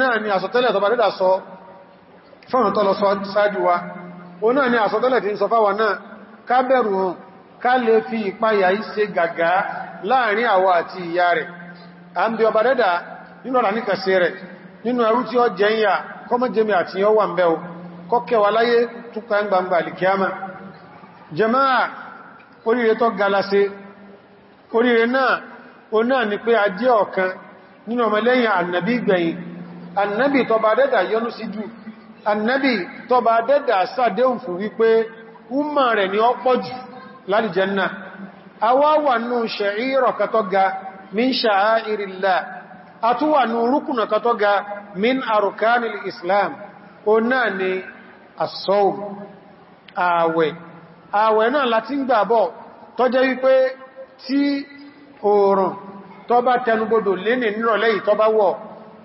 náà ni àsọtẹ́lẹ̀ tọba dídà sọ fọ́nà tọ́lọ sáájú wa o náà ni àsọtẹ́lẹ̀ tí ń sọ fáwa náà ká bẹ̀rù hàn ká lè fi ìpayà ìṣe gàgá láàrin àwa àti ìyá rẹ̀ a ń bí ọba dídà nínú ọ̀rà níkàṣẹ́ rẹ̀ nínú ẹrú tí ó jẹ ìyà kọmọ́jẹmi àti yọ wà mbẹ́ o kọ́kẹwà láyé túkà ń gbangba alìkíyàmá jẹmáà oríire tó galase oríire náà o náà ni pé a jẹ́ ọ̀kan nínú ọmọlẹ́yìn ànàbí gbẹ̀yìn annabi tó bá dẹ́dà yọ́nú sí jù annabi tó bá dẹ́dà sàdéhùn fún wípé umma rẹ̀ ni ó pọ̀ jù lálìjẹ́nà awáwànú ṣe'írọ̀ min sha'airillah atúwànú rúkùnà ga min arukanil islam o náà ni asọ́wù ààwẹ̀ ààwẹ̀ náà láti ń gbàbọ̀ wípé tí oòrùn tó bá tẹnubodò lénìí nírọ̀lẹ́ tó bá wọ̀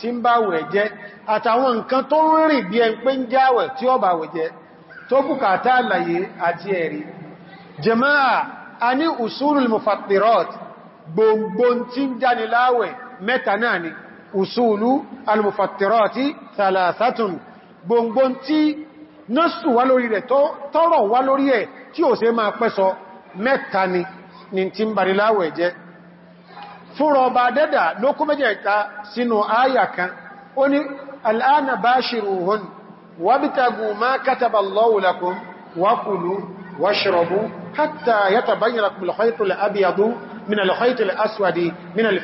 tí ń bá wẹ̀ jẹ́ àtàwọn nǹkan tó ń rìn bí ẹn pé ń jáwẹ̀ tí ó bá wẹ̀ jẹ́ tó bùkátà àlàyé àti ẹ̀rí jẹmáà a ní usulul mufattirat gbogbo tí ń jáni mẹ́ta náà ni usulu almufattirati thalathatun gbogbo tí nọ́sù wá lórí rẹ̀ tọ́rọ̀ wá lórí ẹ̀ tí ò ṣe máa pẹ́sọ mẹ́ta ni ni tí ń bari jẹ́ fúnra ọba dẹ́dà ló kó mẹ́jẹ̀ta sínú áyà kan ó ní al'ana bashiruhun wabtagu ma kataba Allahu lakum wakulu washrabu hatta yatabayyana lakum al-khaytu al-abyadu min al-khayti al-aswadi min al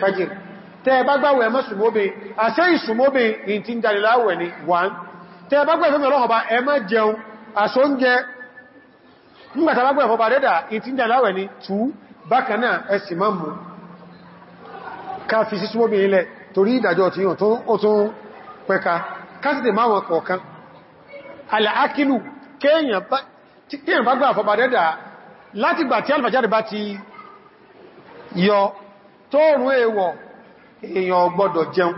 láwẹ̀ ni 2 bákanáà ẹ̀sì mọ́mù ká fi sí súnmọ́bìn ilẹ̀ torí ìdàjọ́ tí yàn ó tún pẹ́ka máa máwọn kọ̀ọ̀kan aláàkìlù kéèyàn bá gbà fọ́bàdẹ́dà láti gbà tí alfàjáde bá ti yọ tóòrùn èèwọ̀ èèyàn gbọ́dọ̀ jẹun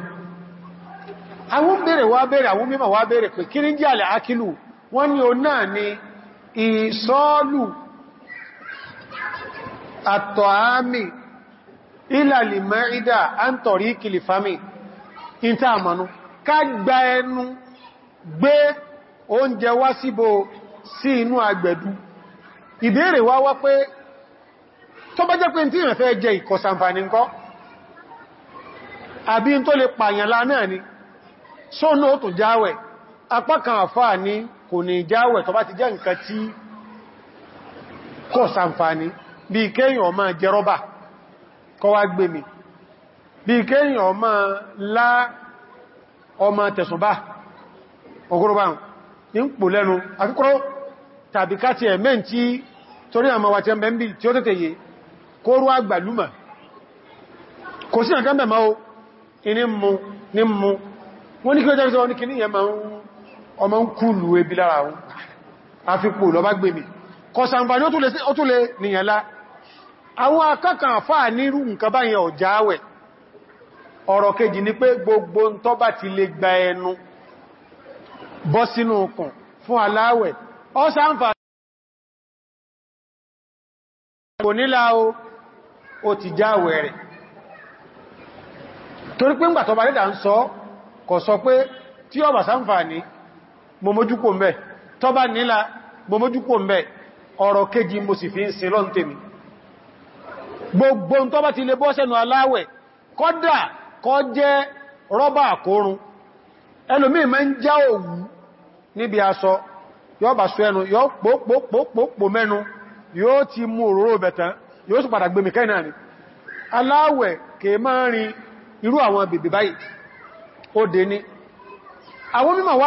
ìlàlì mẹ́rídà àntọ̀rí ìkìlì fami ìta àmànú ká gba ẹnu gbé oúnjẹ wá síbò sí inú agbẹ̀dú ìbéèrè wá wá pé tó bá jẹ́ pé tí ìrìnfẹ́ jẹ ìkọsànfàní ńkọ́ àbí tó lè pààyànlá náà ni sónà ó tún jáwẹ̀ apá kan àfáà ní kò ní jáwẹ̀ tó bá ti jẹ́ nǹkan tí kọsànfàní bí kéèyàn máa jẹ rọ́bà kọ wá gbé mi bí kéyìn ọmọ lá ọmọ tẹ̀sùnbá ọgọ́rọ̀bá ń pò lẹ́nu akíkọ́rọ̀ tàbí káti ẹ̀mẹ́ tí torí àmà wà tí ẹmẹ́ bí tí ó tètè yé kó rú àgbàlúmà kò sí àkẹ́ mẹ́mọ́ o iní mú ní mú wọ́n ní àwọn akẹ́kàn àfáà nírú nǹkan báyẹn ọ̀jáwẹ̀ ọ̀rọ̀ kejì ni pé gbogbo ń tọ́ bá ti lè gba ẹnu bọ́ sínú ọkàn fún aláwẹ̀ ọ sáǹfà kò nílá o ó ti jáwẹ̀ rẹ̀ torí pé ńgbà mọ̀mójúkò mẹ́ tọba nílá mọ̀mójúkò mẹ́ ọ̀rọ̀ kejì mo sì fi ń sin lọ́ntẹ̀mí gbogbo tó bá ti lè bọ́ sẹ́nu aláwẹ̀ kọ́dà kọ́ jẹ́ rọ́bà àkórun ẹlòmí mẹ́ ń já òwú níbi aṣọ yóò bà sọ ẹnu yóò pòpòpòpò mẹ́nu yóò ti mú òróró bẹ̀tán yóò sì padà gbẹmì kẹ́nà ni aláwẹ̀ kè máa rin irú àwọn bèbè báyìí ó dé ní àwọn mímọ̀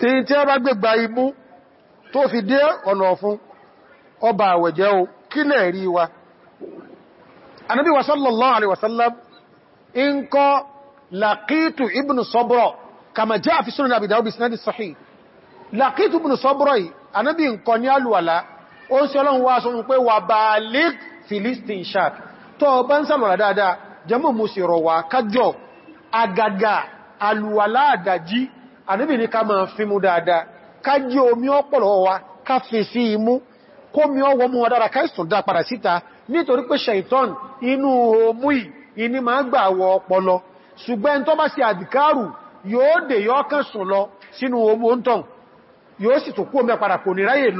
tí tí a bá gbégbà imú tó fi dé ọ̀nà ọ̀fún ọba àwẹ̀jẹ́ o kí náà rí wa anábí wa sallallahu alaihi wasallam in kọ́ laqitu ibn sabra kama jaa fi sunan abi dawud isnad sahih laqitu ibn sabra yìí anábí nǹkan ní alùwàlá ó ń sí ọlọ́run wá sọ pé àníbì ní ká máa fi mú dáadáa ká jí omi ọpọlọ wa ká fi sí imú kó mi ọwọ́ mú ọdára ká ìsùn dá padà síta nítorí pé ṣẹ̀ìtàn inú omú ì iní máa gbà wọ ọpọlọ ṣùgbọ́n tó bá sí àdìkárù yóò dè yọ́ kán sùn lọ sínú omú oúntàn yóò sì tó kú omi padà kò ní ráyè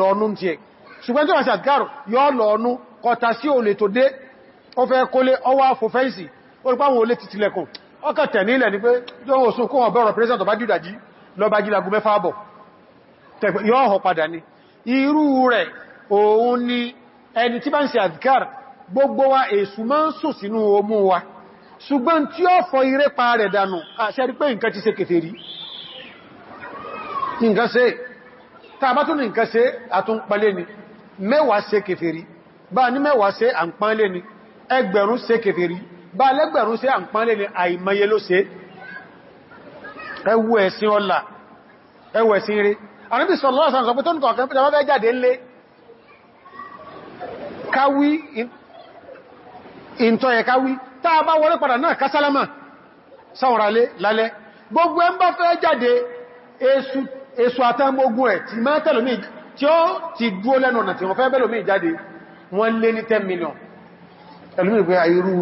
lọ ó fẹ́ kólé kó wọn bẹ́rọ̀ pẹ́sẹ̀ tó bá lọ́bá jílagun mẹ́fà bọ̀ yóò hàn padà ní irú rẹ̀ òun ni ẹni tí bá ń ṣe àdìkár gbogbo wa èsù máa ń sùn sínú omú wa ṣùgbọ́n tí ó fọ iré pa rẹ̀ dànù àṣẹ́rí pé nǹkan ti ṣe kèfèrí nǹkan ṣe tàbá tún nǹkan ṣe àtúnpalé ni mẹ́wàá ṣe kèfèrí ẹwú ẹ̀sìn ọlá ẹwú ẹ̀sìn rí Ànábì sallallahu alaihi wasallam pé tó ń kọ̀ọ̀kan pẹ́ta wọ́n jáde ńlé káwí ìntọ́yẹ káwí táa bá wọlé padà náà kásálámà sáwọ̀rálé lálẹ́ gbogbo ẹ ń bá fẹ́ jáde èsù àtàmógún ẹ̀ tí máa tẹ́lómí tí wọ́n fẹ́ million ẹlómí pé àìrú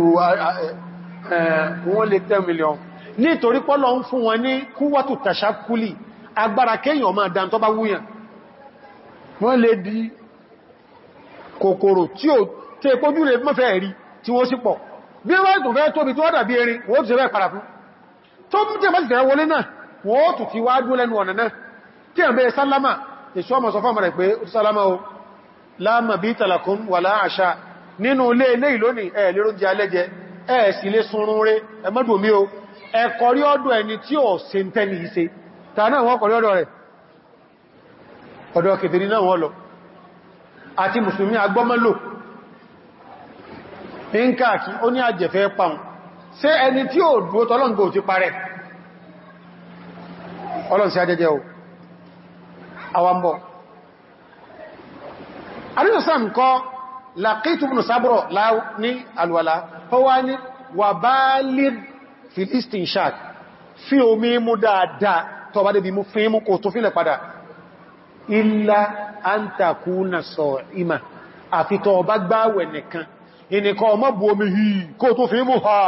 wọ́n lé 10 million nítorí pọ́lọ ń fún wọn ní kúwàtù tàṣákúlì agbára kéèyàn máa dá tó bá wúyàn wọ́n lè di kòkòrò tí ó tẹ́ pójú lè mọ́fẹ́ rí tí wọ́n sì pọ̀ bí wọ́n tó fẹ́ tóbi tó dàbí erin wọ́n ti fẹ́ para fún tó mú jẹ́ máa tẹ̀rẹ wọlé náà wọ́n tó ti wá dúó lẹ́nu ọ̀nà náà tí ẹ̀bẹ̀ mi o ẹ̀kọ̀rí ọdọ̀ ẹni tí ó se ń tẹ́lì ìṣe ta náà wọ́n kọ̀rí ọdọ̀ rẹ̀ ọdọ̀ kìtìrí náà wọ́n lọ àti musulmi agbọ́mọ́lò ń káàkì ó ní àjẹ̀fẹ́ pàun se ẹni tí ó dúó tọ́lọ́ngbò ti parẹ́ ọlọ́nsí ajẹ́jẹ́ filistin shark fi omi mú dáadáa tó bá débi mú fín mú kò tó fílẹ̀ padà illa an takuna sa'ima àfi tó bá gbáwẹ̀ nìkan ìnìkan ọmọ bu omi hìí kò tó fín mú ha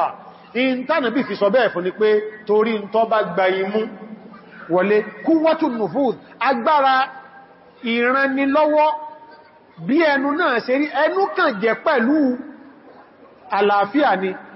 ìntànà bí fi sọ bẹ́ẹ̀ fún ni pé torí tó bá gba imú wọlé kúwọ́tù nufuz agbára ìrànnilọ́wọ́ bí ẹnu náà ṣe rí ẹnu kàn jẹ́ pẹ̀lú àlàáfíà ni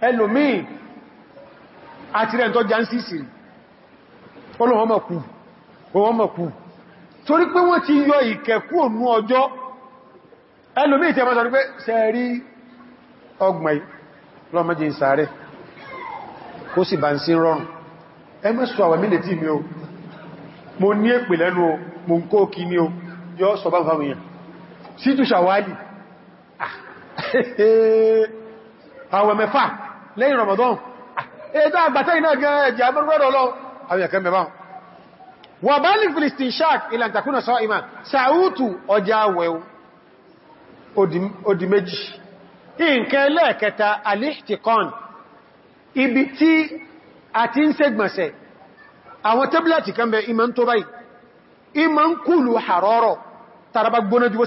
ẹlòmíì àti rẹ̀ tó jánsìsì ọlọ́wọ́mọ̀kú torí pé wọ́n ti yọ ìkẹ̀kú ònú ọjọ́ ẹlòmíì tí a sọ pé sẹ́rí ọgbọ̀n lọ́mọdé ìsàárẹ̀ kó sì bá ń sí rọrùn ẹ mọ́ sọ tí mi o mo ní èpè lẹ́nu o mo ń kó kí lẹ́yìn Ramadan ah, ètò àgbàtẹ́ iná gan ẹ̀jẹ̀ abúrúgbọ́dọ̀ lọ àwọn ẹ̀kẹ́ mẹ́bá wà bá ní filistin shark ilan takuna sọ ìmá sàútù ọjà wẹ̀w odi méjì nǹkan ẹlẹ́ẹ̀kẹta alihtikon ibi tí a ti ń sẹ́gbọ̀nsẹ̀ àwọn tẹ́bílẹ̀tì kan bẹ ìmọ̀ tó báyìí ìmọ̀ ń kúlù àrọ́rọ̀ tàràbà gbóná jù bó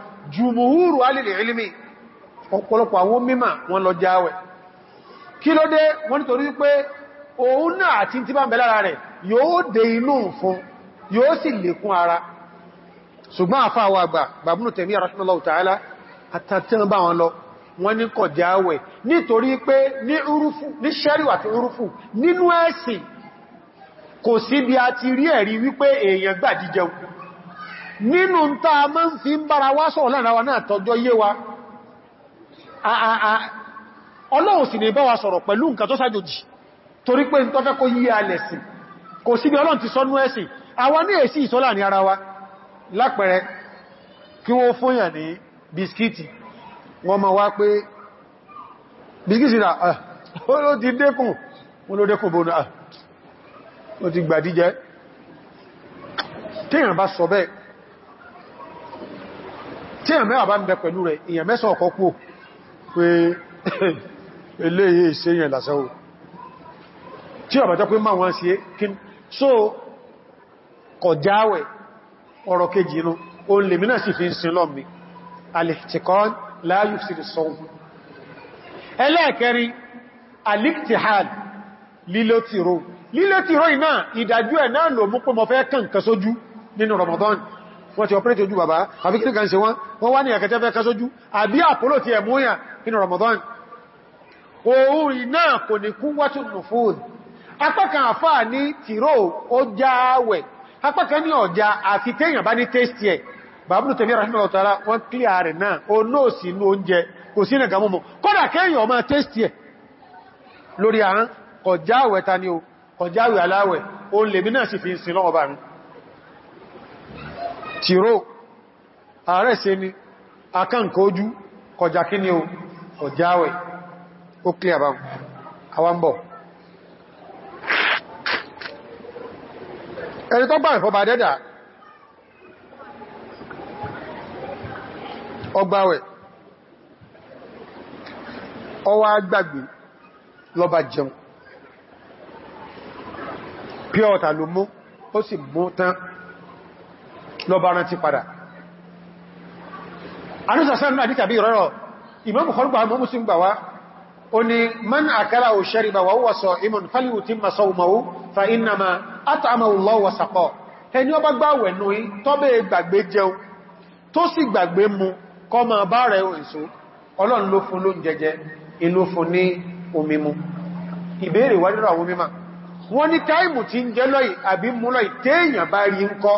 jùmùhúrù alìlì ilimi ọ̀pọ̀lọpọ̀ àwọn mímà wọn lọ jáwẹ̀ kí ló dé wọ́n nítorí pé òun náà àti tí bá ń bẹ lára rẹ̀ yóò dé inú fún yóò sì lékún ara ṣùgbọ́n àfá àwọn àgbà bàbúnù tẹ̀mí rahimahullahu ta'ala àtàtàn bá wọn lọ wọ́n ní kọ̀ jáwẹ̀ nítorí pé ní urúfù ní ṣẹ́ríwà àti urúfù nínú ẹ̀sìn kò sí bí a nínú ta mọ́ ń fi ń bára wá sọ̀rọ̀ lára wa náà tọjọ́ yé wa ọlọ́run sì ní bá wa sọ̀rọ̀ pẹ̀lú nǹkan tó jì torí pé ntọ́fẹ́ fẹ́ kó yí alẹ̀sì kò síbi ọlọ́run ti sọ́nú ẹ̀sìn àwa ní èsì ìsọ́lá ní ara wa lápẹẹrẹ kí wọ́n fóyàn ní bisikíti wọ́n ma wá pé bisikíti rà ah, ah, ó ti dékùn wọ́n ló dékùn bóná ó ti gbàdíjẹ́ sọ bẹ́ẹ̀ tí èyàn mẹ́wàá bá ń bẹ pẹ̀lú rẹ̀ èyàn mẹ́sàn ọ̀kọ́ kú pé eléyìí ìṣẹ́yàn lásẹ́wò tí ọ̀bá jẹ́ pé máa wọ́n sí kí so kọjáwẹ̀ ọ̀rọ̀ kejì inú o lè mínà sí fi ń sin lọ mi alìtìkọ́n láàyù sí wọ́n ti ọpẹ́rẹ́tì ojú bàbá àbí kí ní kan ṣe wọ́n wọ́n wá ní àkẹtẹ́fẹ́ kásójú àbí àpòlò ti ẹ̀mọ́yà inú Ramadan òun iná kò ní kún wọ́tù nùfúùn apákan àfà ní tìró ó jáwẹ̀ apákan ní ọjà àti téèyàn bá ní tẹ́sì ẹ̀ bàbúrú tẹ̀mí rahimahullahu ta'ala wọ́n kílíà rẹ̀ náà ó náà sí inú oúnjẹ kò sí nìkan múmọ̀ kọ́dà kéèyàn ọmọ tẹ́sì ẹ̀ lórí àrán kọjáwẹ̀ ta tiro ààrẹ se ni akáǹkójú kọjá kí ni o ọjáwẹ̀ ó kílẹ̀ àbámu àwambọ̀ ẹni tó dẹ́dà ọwá gbàgbé jẹun pí ọ̀tà mú ó sì lọba rántí padà anúsàsán náà dítàbí rọ́rọ̀ ìmọ́mù kọlùgbà mọ́mù sí gbà wá o ni man àkàrà ò ṣẹ́rìbà wà wọ́sọ imun faliwu ti ma sọ umaru fa iná ma átàmàwù lọ wọ́sàkọ́ ẹni ọba gbáwẹ̀ nùí tọ́bẹ̀ gbàgbé jẹun tó sì gbàgbé mu kọ ma bá rẹ̀ òǹsù ọlọ́run ló fún ló ń jẹjẹ wọ́n ní táìmù tí ń jẹ́ lọ́yìn àbí mú lọ́yìn téèyàn ń kọ́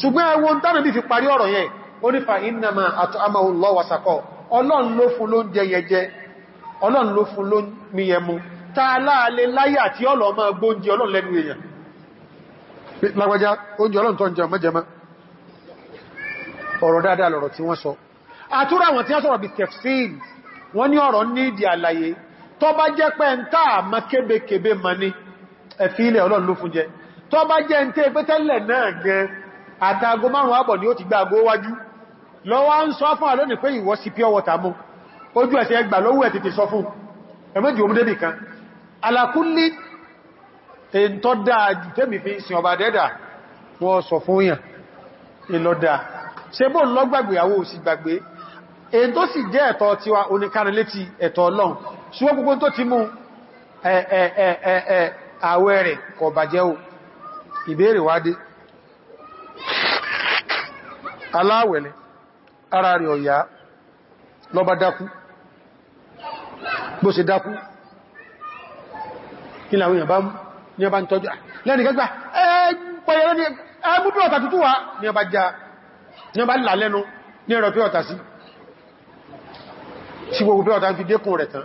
ṣùgbọ́n ẹwọ tánà bí fi parí ọ̀rọ̀ yẹn ó nífà innama at'amahu Allahu wa saqahu ọlọ́run ló fún ló ń jẹ yẹ jẹ ọlọ́run ló fún ló ń mi yẹ mu tààláàlẹ́ láyà tí ọlọ́ máa gbóúnjẹ ọlọ́run lẹ́nu èèyàn lágbàjá oúnjẹ ọlọ́run tó ń jẹ mẹ́jẹmá ọ̀rọ̀ dáadáa lọ̀rọ̀ tí wọ́n sọ àtúrà bá jẹ́ pé ń tàà ma kébekèbe ma ní ẹ̀fí ilẹ̀ ọlọ́run jẹ tó bá jẹ́ ń tẹ́ pẹ́tẹ́lẹ̀ náà gan àtàgó márùn àbọ̀ ni ó ti gbá agó wájú lọ́wọ́ ń sọ fún àlónì pé ìwọ sí pure water mú ojú ẹ̀sẹ̀ ẹgbà lọ́wọ́ ẹ̀ tètè sọ fún ẹmẹ́jì omi débì kan alákúnlé èntọ́ dáa jù tẹ́mì fi sin ọba dẹ́dà wọ́n sọ fún yàn ìlọ́dà ṣe bó ń lọ́gbàgbé àwọ́ òsì ìbéèrè wádé aláwẹ̀lẹ̀ ara rẹ̀ ọ̀yá lọ́bá dákú bó ṣe dákú nílà àwọn èèyàn bá mú ní ọba ń tọ́jú lẹ́nì gẹ́gbà ẹgbẹ̀rẹ̀ ní ẹgbùdó ọ̀tà tútù wá ní ọba já ní ọba là lẹ́nu ní ẹ̀rọ pé ọ̀tà sí sí gbogbo pé ọ̀tà ń fi dékùn rẹ̀ tán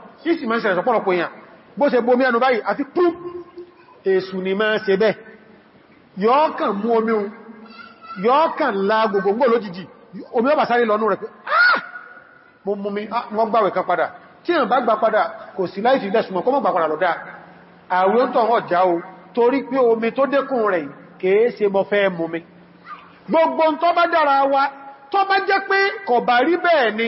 ìsì máa ń ṣẹlẹ̀ sọpọ̀lọpọ̀ èèyàn bó ṣe bomi ẹnu báyìí àti púpù èsù ni máa ṣe bẹ́ yọ́ọ̀kàn mú omi un yọ́ọ̀kàn la gbogbogbò lójijì omi ọba sáré lọ nú rẹ̀ pé ah! mo mú mi ah, wọ́n gbàwẹ̀ kan padà tí ìrìn bá gbà padà kò sí láìsí ìdẹ́sùmọ̀ kọ́ mọ́ gbà padà lọ́dá àwọn tó wọ́n já o torí pé omi tó dékùn rẹ̀ kèé ṣe mọ́ fẹ́ mú mi gbogbo tó bá dára wa tó bá jẹ́ pé kò bá rí bẹ́ẹ̀ ni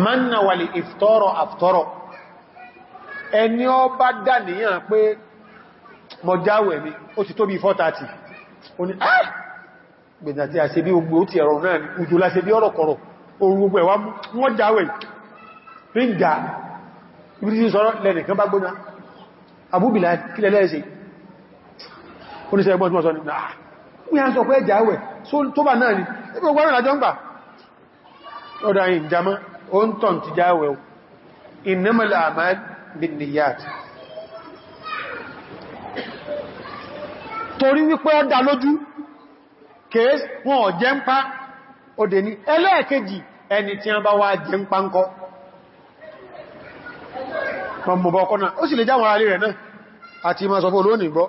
manna wàlì ìftọ́rọ̀ àftọ́rọ̀ ẹni ọ bá dà níyàn pé mọ̀jáwẹ̀ mi ó ti tó bí 430 o ní ah gbẹ̀dà tí a ṣe bí ogbò ó ti ẹ̀rọ náà ní ojú láṣe bí ọ̀rọ̀ kọ̀rọ̀ oòrùn gbogbo ẹ̀wà wọ́n jáwẹ̀ rí ń ga ibi tí sọ́rọ̀ lẹ́nìkan bá gbóná yìí ah! jámá ó ń tàn ti jáwẹ̀ innamal a'mal binniyat torí wípé ó dá lójú kèés wọn ò jẹ́ ń pa òdè ní ẹlẹ́ẹ̀kejì ẹni tí a bá wá jẹ́ ń pa ń kọ́ mọ̀mọ̀bọ̀ ọkọ̀ náà ó sì lè jáwọn ara rẹ̀ náà àti ma sọ olóòní gbọ́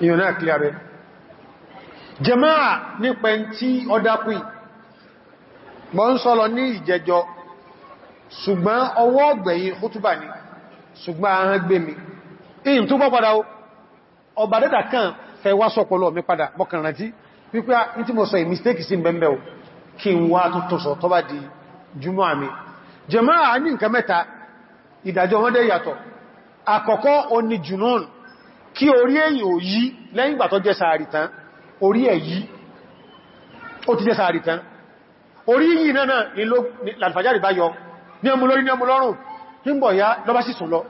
Ni náà kílẹ̀ abẹ jẹmáà nípa ẹn tí ọdápù mọ́ ń sọ́lọ ní ìjẹjọ ṣùgbọ́n ọwọ́ ọgbẹ̀yìn ni ṣùgbọ́n ahán gbé mi in tó bọ́ padà ọba dẹ́dà kan fẹ́ wá sọpọlọ mi padà mọ́kàn rántí wípé ní tí mo sọ ìmistake sí bẹ̀m̀bẹ̀ o kí n wá tó tọ́sọ tó bá di jùmọ́ àmì jẹmáà ní nǹkan mẹ́ta ìdájọ́ wọn dẹ̀ yàtọ̀ àkọ́kọ́ o ni jùnún kí orí èyí ò yí lẹ́yìn ìgbà tó jẹ́ sàárì tán orí ẹ̀ yí ó ti jẹ́ sàárì tán orí yìí náà ni làlfàjáre bá yọ ní ọmọ lórí ní ọmọ lọ́rùn ní ń bọ̀ ya lọ́bá sì sùn lọ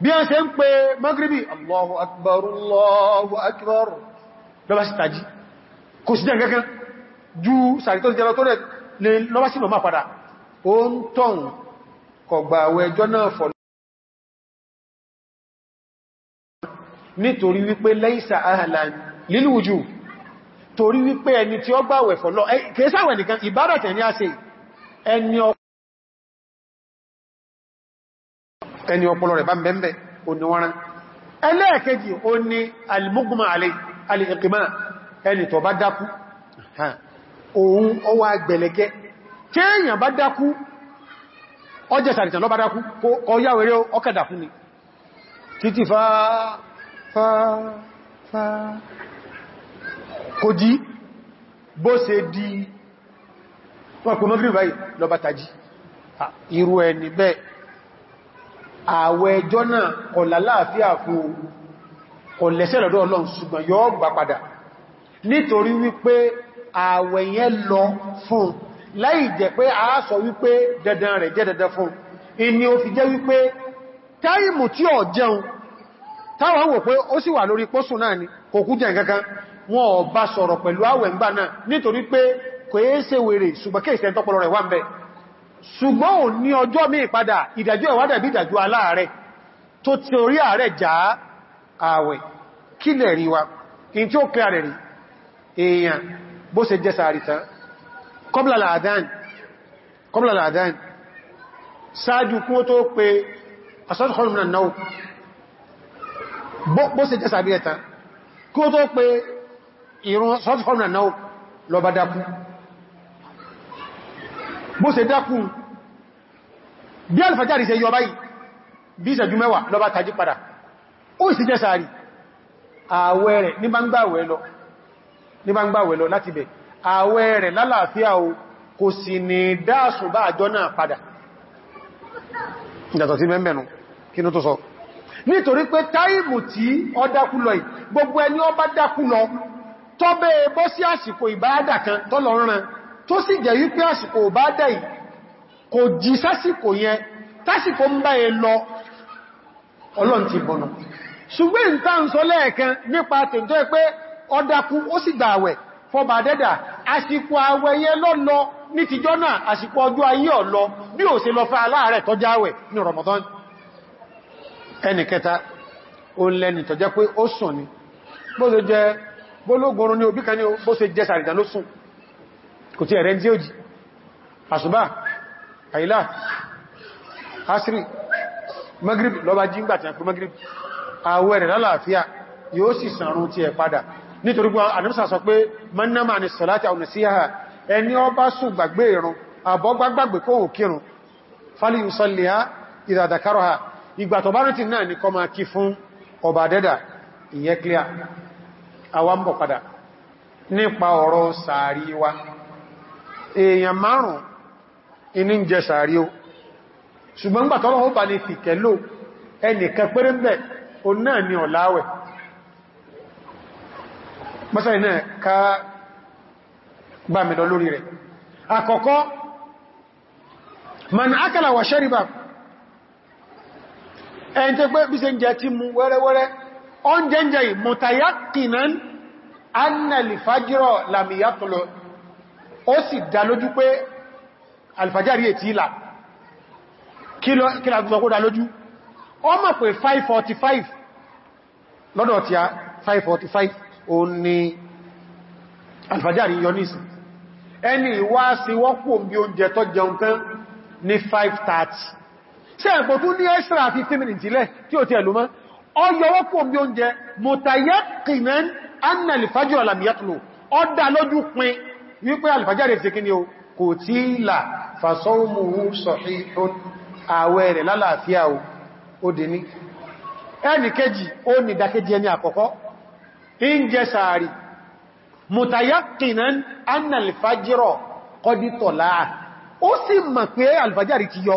bí a ṣe ń pe magribi allahu akbar allahu akbar lọ́bá sì tají kò sí jẹ́ ju sàárì tó ti jẹ́ lọ tó rẹ̀ lọ́bá sì mọ̀ máa padà ó ń tọ́n kọ̀gbà nítorí wípé lẹ́ìsà ahàlàn lílúwùjú torí wípé ẹni tí ó gbàwẹ̀ fọ́lọ́ kẹsàwẹ̀ nìkan ìbádọ̀tẹ̀ ní àṣẹ ẹni ọpọlọ rẹ̀ bá ń bẹ̀m̀bẹ̀ oníwọ́ran ó ní alìmúgbùmá alẹ́ títí fàá fàáfàá kò jí bó ṣe di wọ́n pè mọ́bílì báyìí lọ́bá tají irú ẹni bẹ́ẹ̀ àwẹ̀ ẹjọ́ náà kọ̀lá láàfíà fún kọ̀lẹ̀ṣẹ̀ lọ́dọ̀ Ọlọ́run ṣùgbọ́n yóò gbà padà nítorí wípé àwẹ̀ yẹn lọ fún láì jẹ́ pé a sọ wípé dandan rẹ̀ jẹ́ dandan fún ìní ó fi jẹ́ wípé táìmù tí ó jẹun táwọn wò pé ó sì wà lórí pósù náà ni kò kú jẹ́ nǹkankan wọn ò bá sọ̀rọ̀ pẹ̀lú àwẹ̀ ńgbà náà nítorí pé kò é ṣe wèrè ṣùgbọ́n kí ìṣẹ́ tọ́pọ̀lọ rẹ̀ wà ń bẹ ṣùgbọ́n ò ní ọjọ́ míì padà ìdájọ́ ìwà dà bí ìdájọ́ aláàrẹ̀ bó ṣe jẹ́ sàbí ẹ̀ta kí ó tó pé ìrún sọ́tífọ́mùnà náà lọ bá dákú bó ṣe dákú bí alfajari ṣe yọ báyìí bí ìṣẹ́jú mẹ́wàá lọ bá tají padà ó sì jẹ́ sàárì ààwẹ̀ rẹ̀ ní bá ń gbàwẹ̀ lọ láti bẹ̀ ààwẹ̀ rẹ̀ lálàáfíà o kò sì ní dáàsù bá àjọ náà padà ìdàtọ̀ sí mẹ́mẹ́nu kí ní tó sọ nítorí pé táìmù tí ọ dákúlọ ì gbogbo ẹni ọ bá dákúlọ tó bẹ́ e bọ́ sí àsìkò ìbáadà kan tó rán tó sì jẹ́ wípé àsìkò ìbáadà ì kò jí sásìkò yẹn tásìkò ń bá ẹ e lọ ọlọ́n ti bọ̀nà ṣùgbọ́n ní àsìkò ọjọ́ ayé bí ò ẹni kẹta o lẹ́ni tó jẹ́ pé ó sùn ni bó ṣe jẹ bólógorun ní òbí kan ní bó ṣe jẹ sàrìdà ló sùn kò tí ẹ̀rẹ́ tí ó àṣùbá àìlá asiri magrib lọba jíngbà tí a pè magrib àwẹ̀ rẹ̀ lálàáfíà yóò sì sàrún tí ẹ padà nítorí pé ànìmsà sọ pé mannama ni sọ̀láti àwọn ìsíyàhà ẹni ó bá sùn gbàgbé ìrun ìgbà tọ̀bárìtì náà ni kọ máa kí fún ọba dẹ́dà ìyẹ́ clear padà nípa ọ̀rọ̀ wa èèyàn márùn iní ń o ṣùgbọ́n nígbà tọ́lọ́wọ́ bá ní fìkẹ́lò ẹnìkan péré ń o náà ni ọ̀láwẹ̀ man akala wa shariba ẹni tẹ́ pé bí ṣe ń jẹ tí mú wẹ́rẹ́wẹ́rẹ́ oúnjẹ ń jẹ yìí mutayakinan anna alifajirọ lamiyatulọ ó sì dá lójú pé alifajari ètí ìlà kí lágbùsọ kó dá lójú ó mọ̀ pé 545 lọ́dọ̀ tí a 545 ó ní alifajari yọ nísìn ẹni ìwá sí wọ́pọ̀ ní 530 ṣe ẹ̀pọ̀ tún ní extra 15 minutes ilẹ̀ tí ó ti ẹ̀lú mọ́ ọyọwọ́pọ̀ bí oúnjẹ mọ̀tàyẹ́kìnán anna alifajọ́ alamiyatulu ọdá lójú pin wípé alifajọ́ rẹ̀ ti kíni o kò tí là fasọ́mùhú ó sì mọ̀ pé alifajọ́ ti yọ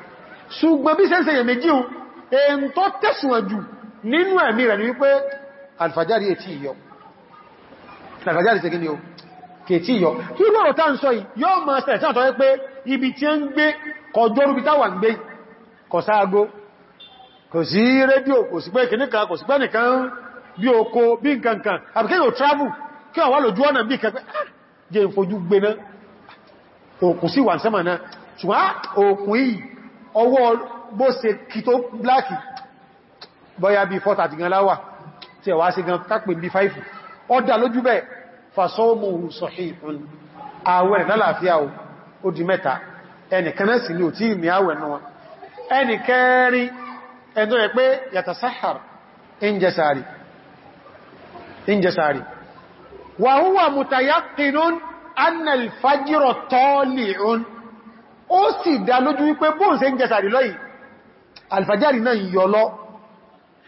ṣùgbọ́n bí sẹ́sẹ̀ yẹ̀ méjì ohun èyí tó tẹ̀sùn jù nínú ẹ̀mí rẹ̀ ni wípé alfajari ètí ìyọ alfajari ṣe gíní o kètí ìyọ kí lọ́rọ̀ tá ń sọ yìí yóò ibi tí ń gbé kọjọ́rú bí táwà ń gbé kò sáàgó kò sí rédíò kò sí pé kìníkà kò sí pé nìkan bí oko bí nkankan àbíkẹ́ yóò travel kí wọ́n wá ah, jẹ́ ìfojú gbé náà sí wà ń sẹ́mà náà ṣùgbọ́n ah, òkú yìí ọwọ́ bó ṣe kí tó bláàkì bọ́yá bí 4 àti gan láwà tí ẹ̀wà sí gan tápẹ̀ bí 5 ọdá lójú bẹ́ fasọ́mù sọ̀hìhùn àwẹ̀ rẹ̀ lálàáfíà ó di mẹ́ta ẹnìkanáà sì ní òtí ìmì àwẹ̀ náà ẹnìkẹ́rin ẹ̀dọ́ ẹ̀ pé ó sì dá lójú wípé bóòn ṣe ń jẹsàrí lọ́yìn alfajari náà yọ lọ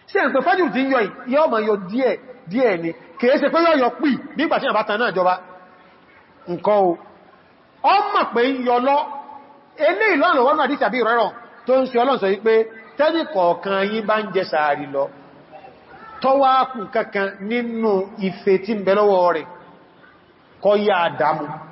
sí ẹ̀n pé fájìrì tí yọ yọ ma yọ díẹ̀ díẹ̀ ni kìí se pé yọ yọ pì nígbà àbátan náà jọba nǹkan o ọ mọ̀ pé yọ lọ elé ìlọ́nà wọ́n náà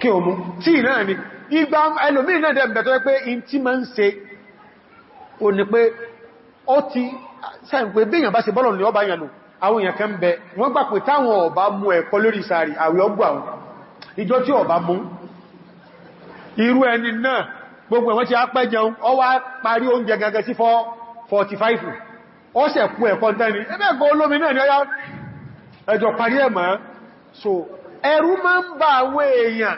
kí o mú tí náà ni ìgbà ẹlòmí náà dẹ̀ bẹ̀tọ́ pé in tí ma ń ṣe o ní pé ó ti sáyìn pé bí èyàn bá ṣe bọ́lọ̀ ní ọba èyàn lò àwọn èyàn kan bẹ wọ́n gbà pé táwọn ọba mú ẹ̀kọ́ lórí sàárì àwẹ̀ ọgbà àwọn ìjọ tí ọba mú irú ẹni náà gbogbo ni ọya ẹjọ parí so ẹ̀rù máa ń bá àwọn èèyàn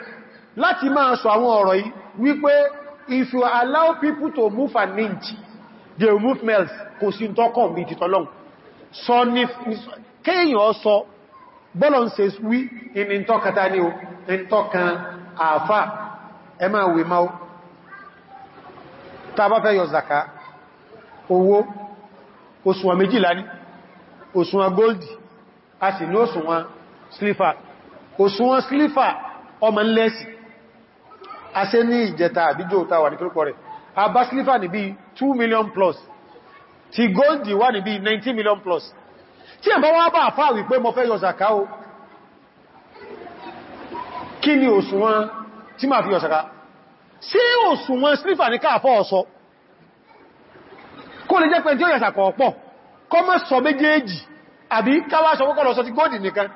láti máa sọ àwọn ọ̀rọ̀ yìí wípé if you allow people to move an inch they move miles kò sí tọ́kọ̀ bí ti tọ́lọ́n sọ ní kéèyàn sọ bọ́lọ̀ ń se wí in ìntọ́kata ní o ìntọ́kan àfà ẹ máa wè máa tàbá fẹ́ yọ zaka owó òṣùwọ̀n méjìlá ní òṣùwọ̀n gold a sì ní òṣùwọ̀n slífà ọmọ lẹ́sì a ṣe ní ìjẹta àbíjò tàwà ní kírókọ rẹ̀ a bá slífà ní bí 2 million plus ti góòdì wà ní bí 19 million plus tí ẹ̀bá wá bá àfáà wípé mo fẹ́ yọ zàká o kí ni òṣùwọ̀n tí máa fi yọ zàká sí òṣùwọ̀n slífà ní káàfọ́ ọ̀sọ́ kó lè jẹ́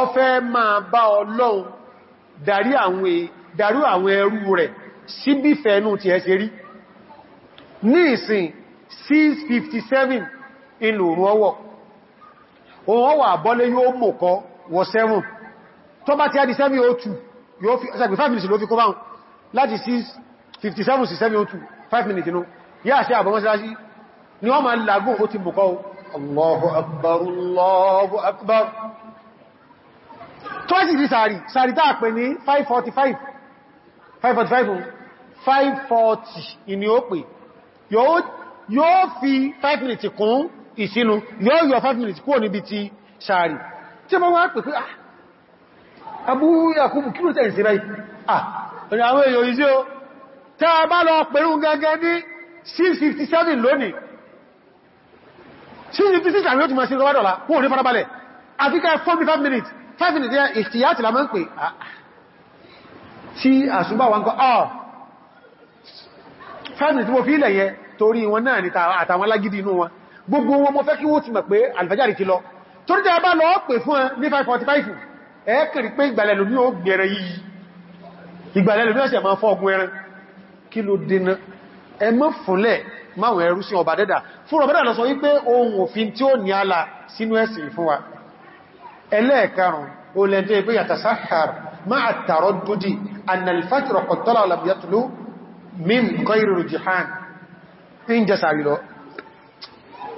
ọfẹ́ máa bá ọlọ́run darí àwọn e, ẹrú rẹ̀ sí bí fẹ́ẹ̀nù ti ẹ́ ṣe rí ní ìsìn 6:57 inú òun ọwọ́ òun ọwọ́ àbọ́lé yóò mọ̀ kọ wọ 7 tó bá ti á di 7:02 yóò fi ṣàgbé 5 minutes ló fi kó báhùn láti 6:57 sí 7:02 5 minutes inú yáà ṣe àbọ̀mọ́síláṣí ni wọ́n máa lágún ó ti mọ̀kọ́ Allahu akbar Allahu akbar sì rí sàárì sàárì tàà pè ní 545 545 540 ìní ó pè yóò fi 5 minutes kún ìsinu yóò yọ 5 minutes kúrò níbi ti sàárì tí mọ́ wọ́n pè pé ah abú Yakubu kí ló tẹ́ ìsẹ́ báyìí ah àwọn èèyàn ìsẹ́ o tẹ́ bá lọ pẹ̀lú gẹ́gẹ́ ní 657 lónìí 656 àmì ó ti mọ̀ sí rọ́wọ́dọ̀lá kúrò ní farabalẹ̀ àfikẹ́ 45 minutes tẹ́fìnì ah, tí ìhtìyàtì la mọ́ ń pè tí àṣùgbà wọn kọ́ ọ̀ fẹ́mìnì tí mo fi ilẹ̀ yẹ torí wọn náà ní àtàwọn alágídí inú wọn gbogbo wọn mo fẹ́ kí wọ́n ti mọ̀ pé alfajari ti lọ torí jẹ́ bá lọ pè fún ní 545 ẹ́kìrì pé ìgbàlẹ̀lù ní ó gbẹ̀rẹ̀ yìí ìgbàlẹ̀lù ní ọ̀sẹ̀ máa fọ́ ogun ẹran kí ló dínà ẹmọ́ fúnlẹ̀ máwọn ẹrú sí ọba dẹ́dà fún ọba dẹ́dà lọ sọ wípé ohun ẹlẹ́ẹ̀karùn ó lẹ́ntẹ́ pé yàtàsáhàr máa tààrọ dúdí annalfajr kọ̀tọ́lá alamiyatulu min kọ́ìrìrì jihan in jẹ sàrí lọ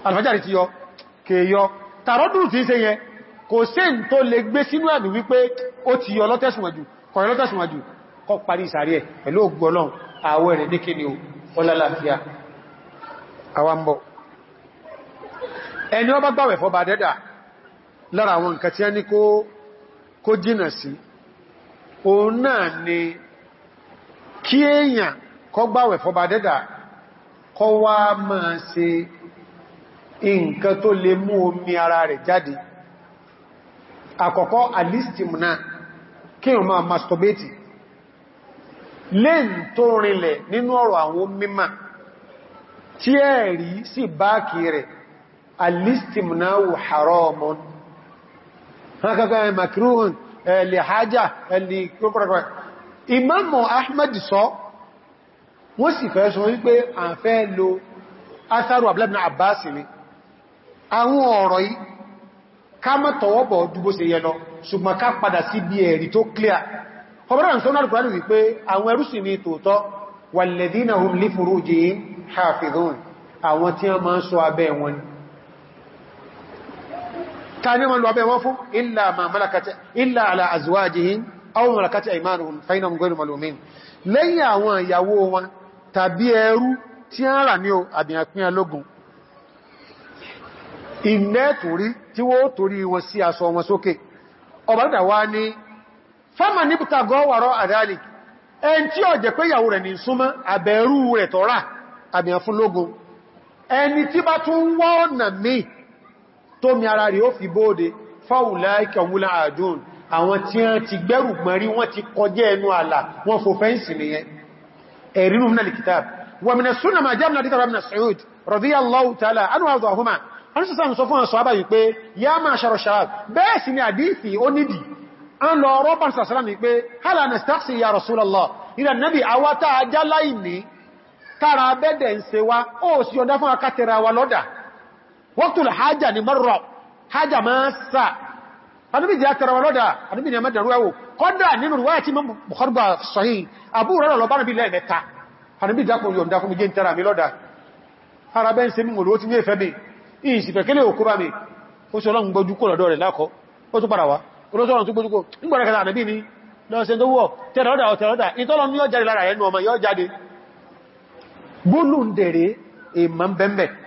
alfajari ti yọ kèyọ tààrọ dúdú ti ṣe yẹ kò sí n tó lè gbé sínú àmì wípé ó ti yọ lọ́tẹ̀sùnwájú kọ̀ lọ́tẹ̀sùnwájú lára àwọn nǹkan tí a ní kó jìnà sí òun náà ni kí èèyàn kó gbàwẹ̀ fọba dẹ́dà kó wá máa ṣe nǹkan tó lè mú omi ara rẹ̀ jáde àkọ́kọ́ alistim náà kí o máa masturbate lè ń tó rinlẹ̀ nínú ọ̀rọ̀ àwọn mímọ̀ tí ẹ̀rí sí báàkì rẹ̀ alistim náà wù haramun kankan makruhun li haja li kókòrò imamu ahmed sọ wọ́n sì fẹ́ sọ wípé à ń fẹ́ lo asaru abúlẹ́bìnà abbas ni àwọn ọ̀rọ̀ yìí ká mọ́ tọwọ́bọ̀ dúgbó se yẹ lọ ṣùgbọ́n ká padà sí bí ẹ̀rí tó clear ọbọ̀rọ̀ àwọn sọ́nà alùkùnrin كان يمن لو بيوفوا إلا, ما ملكت إلا على أزواجهم أو ملكت أيمانهم فإنهم غير ملومين lẹ́yìn àwọn ìyàwó wọn tàbí ẹrú tí a rà ní àbìyànpín alógún ìmẹ́ torí tí wó torí wọn sí wọn sókè ọ̀bàdà wá ní fọ́mà níbùta gọ́wàrọ̀ àdáàlì ẹn tí ó jẹ́ ẹni tí bá tún wọ́n nà míì tó mi ara rí ó fi bóòdé fáwùláìkà wúlá àdún àwọn tí wọ́n ti gbẹ́rù gbọ́nrí wọ́n ti kọjẹ́ ẹnu àlà wọ́n fò fẹ́ǹsì nìyẹn ẹ̀rínú min al-kitab wa min as-sunnah ma jaa min hadith Ibn Mas'ud radiyallahu ta'ala anhu àdúhùmá wọ́n sì sáàmù sọ fún ọ̀sọ̀ àbáyì pé ya ma'shara ash-shabab bẹ́ẹ̀ sì ni àdífì ó nídì an lọ wọ́kùtùl hajjá ni mọ́rọ̀ hajjá máa sà anúbí jẹ́ tẹ̀rọwà lọ́dà anúbí ni a mẹ́dàrú ẹwò kọ́dà nínú wáyà tí mọ́kànlá sọ́hí àbúrò lọ bára bí lẹ́ẹ̀mẹ́ta anúbí dákùn yọ̀ndá fún mi jẹ́ tẹ́ra mi lọ́dà ara bẹ́ ń se mímọ̀ lóòtí ní ẹ̀fẹ́ mi ìsìnkẹ̀kẹ́lẹ̀ òkú bá mi ó sọ lọ́n gbójú kó lọ́dọ̀ rẹ̀ lákọ́ ó tún padà wá olóṣọ́rọ̀ tún gbójú kó nígbàrá kẹta ànàbí ni lọ́sẹ̀ tó wọ́ tẹ́rọ̀dà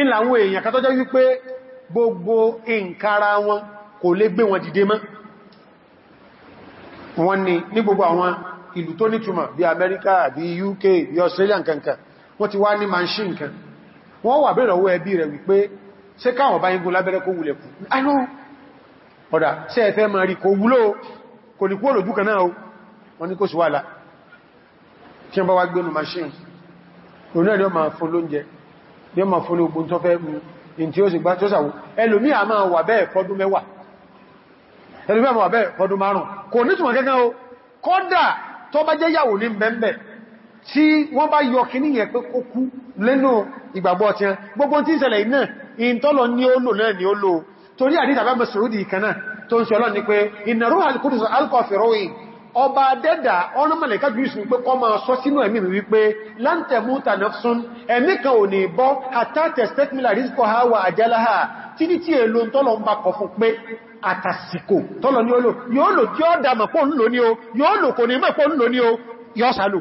ìlàwọn èèyàn kan tó jẹ́ wípé gbogbo ìǹkara wọn kò lè gbé wọn dìde mọ́ wọ́n ni ní gbogbo àwọn ìlú tó nítumọ̀ bí Amẹ́ríkà bí UK bí Australia kankan wọ́n ti wá ní manṣín kan wọ́n wà bẹ̀rẹ̀ owó ẹbí rẹ̀ wípé ṣe káwọn bá yíngun lábẹ́rẹ́ kó wulẹ̀ kù ọ̀dà ṣe ẹ̀fẹ́ ma rí kò wúlò kò ní kú olójú fún lóúnjẹ ní ọmọ fún ogun tó fẹ́ in tí ó sì gbá tó sàwó ẹlòmí a máa wà bẹ́ẹ̀ fọdún mẹ́wàá ẹlòmí a máa wà bẹ́ẹ̀ fọdún márùn kò ní túnmọ̀ kẹ́kẹ́ o kọ́dà tó bá jẹ́ yàwó ní bẹ́ẹ̀bẹ̀ tí wọ́n bá yọ kí ní ó ni ó lò torí àdídàbẹ́ pé ìnàrú alkùnrin alkọ̀fẹ̀rọ̀wìn ọba adẹ́dà ọ̀nà mọ̀lẹ̀ká jù ìsìn pé kọ́ máa sọ sínú ẹ̀mí mi wípé lántẹ̀múta nafsun ẹ̀mí kan ò ní bọ́ àtàtẹ̀ statement àrísìkò ha wà àjẹ́láha tí ní tí èlò tọ́lọ̀ ń bá kọ fún pé àtàsìkò tọ́lọ̀ ní olò yóò lò tí ó dámà pọ́ ńlò ní o yóò lò kò ní mẹ́pọ̀ ńlò ní o yóò sálò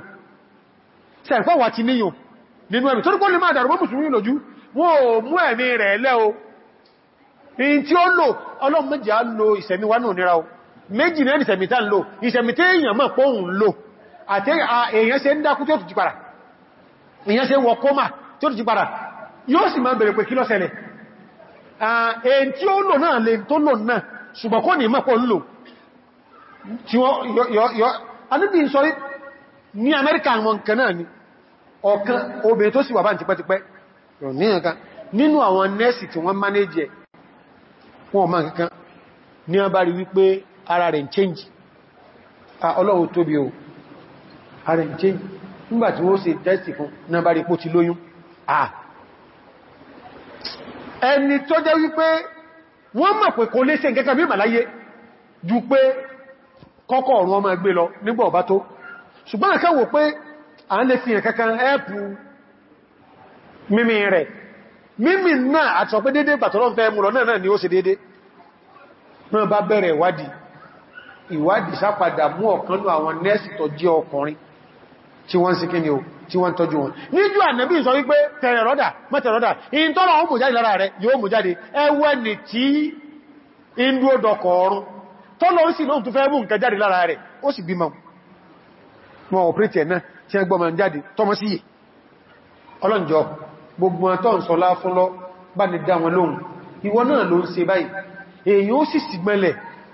sẹ̀fọ́ méjì náà ìsẹ̀mìtà ń lò ìsẹ̀mìtà èèyàn mọ̀ pọ́ òun lò àti èèyàn ṣe ń dákú tí ó tùjì padà èèyàn ṣe wọ kọ́mà tí ó tùjì yóò sì máa bèèrè pé kí ló ṣẹlẹ̀ èyí tí ó lò náà lè tó lò náà ni ọ̀kan obìnrin tó sì wà bá ń tipẹ́tipẹ́ nínú àwọn nẹ́ẹ̀sì tí wọ́n mánéjì ẹ̀ wọ́n ọmọ nǹkan ní ara rẹ̀ change ọlọ́run tóbi o ara rẹ̀ change nígbàtí wọ́n ṣe test fún náà bá rí pó ti lóyún ah ẹni tó jẹ́ wípé wọ́n mọ̀ pé kò lè ṣe ju pé kọ́kọ́ ọ̀run ọmọ ẹgbẹ́ lọ nígbà ọba tó ṣùgbọ́n ẹ̀kẹ́ pé à ń lè fi nǹkan kan mímí rẹ̀ mímí náà àti dédé bàtọ́lọ́fẹ́ mú lọ náà ni ìwádìí sápadà mú ọ̀kanú àwọn nẹ́ẹ̀sì tó jẹ́ ọkùnrin tí wọ́n sí kíni o tí wọ́n tọ́jú wọn níjú ànàbí sọ wípé tẹ̀rẹ̀rọ́dà mẹ́tẹ̀rọ́dà in tọ́rọ ọmọ jáde lára rẹ̀ yóò mú jáde ẹwẹ́ ni tí in dúó dọ̀kọ̀ ọrún tọ́lọ sí náà tó fẹ́ mú nǹkan jáde lára rẹ̀ ó sì bímọ wọn ọ̀pẹ́tì ẹ̀nà tí ẹgbọ́ ma ń jáde tọ́mọ sí yìí ọlọ́njọ́ gbogbo àtọ́ ń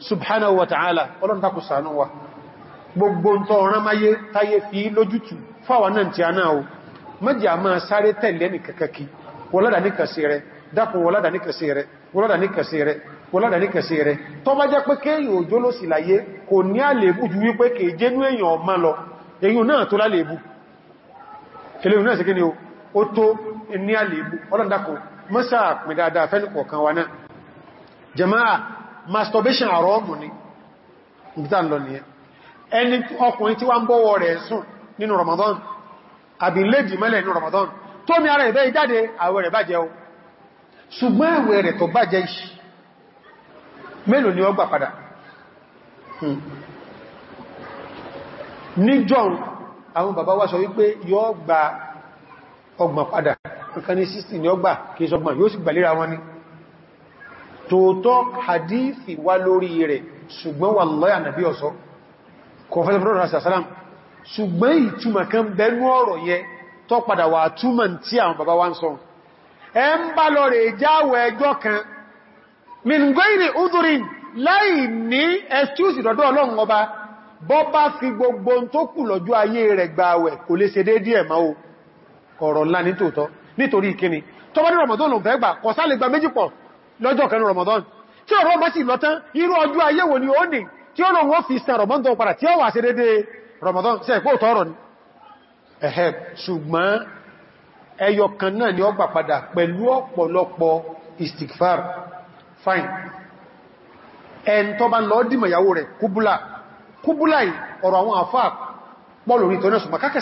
subhanahu wa ta'ala ọlọ́run takò sànú wa gbogbo ǹtọ́ ọ̀rán máyé táyé fi lójútù fáwà náà tí a náà o mẹ́jì a máa sáré tẹ̀lé ní kàkàkì wọ́lọ́dà ní kàsí rẹ̀ dákùn wọ́lọ́dà ní kàsí rẹ̀ wọ́lọ́dà ní kàsí rẹ̀ wọ́lọ́dà ní kàsí rẹ̀ tó bá jẹ́ pé kéyìn òjò ló sì láyé kò ní àlèbù ju wípé kéje nú èèyàn ọmọ lọ èyàn náà tó lálèbù eléyìn náà sí kí ni ó tó ní àlèbù ọlọ́dà kò mọ́sà pẹ̀dáadáa fẹ́ masturbation àrọ́ọ̀mù ni ìgbìtà lọ ní ẹni ọkùnrin tí wá ń bọ́wọ́ rẹ̀ sùn nínú Ramadan àbí lèdì mẹ́lẹ̀ nínú Ramadan tó mi ara ìbẹ́ ìjáde àwẹ̀ rẹ̀ bàjẹ́ o ṣùgbọ́n àwẹ̀ rẹ̀ tó bàjẹ́ ìṣì mélòó ni ó gbà padà hmm. níjọ́ àwọn bàbá wa sọ wípé yóò gba ọgbọ̀n padà nǹkan ní 60 tòótọ́ hadithi wá lórí rẹ̀ ṣùgbọ́n wà lọ́yà nàbí ọ̀sọ́ ṣùgbọ́n ìtumọ̀ kan bẹnu ọ̀rọ̀ yẹ tó padà wà túmọ̀ tí àwọn bàbá wá ń sọ ẹ ń bá lọ rẹ̀ jáwẹ̀ ẹjọ́ kan mingoyri udurin láì ní ẹ̀ṣùsì dọ̀dọ̀ ọlọ́run ọba bọ́ bá fi gbogbo tó kù lọ́jọ́ ayé rẹ̀ gbàwẹ̀ kò lè ṣe déédé ẹ̀má o ọ̀rọ̀ ńlá ní tòótọ́ lọ́jọ́ kan Ramadan tí ọ̀rọ̀ bá sì lọ́tán irú ọjọ́ ayé wo ni ó ní tí ó lóun ó fi san Ramadan tó padà tí ó wà sí dédé Ramadan sí ẹ̀pọ̀ tọ́rọ ni ẹ̀hẹ́ ṣùgbọ́n ẹyọ kan náà ni ó gbà padà pẹ̀lú ọ̀pọ̀lọpọ̀ istighfar fine ẹn tó bá lọ dìmọ̀ ìyàwó rẹ̀ kúbúlà kúbúlà ọ̀rọ̀ àwọn àfáà pọ̀ lórí tó náà ṣùgbọ́n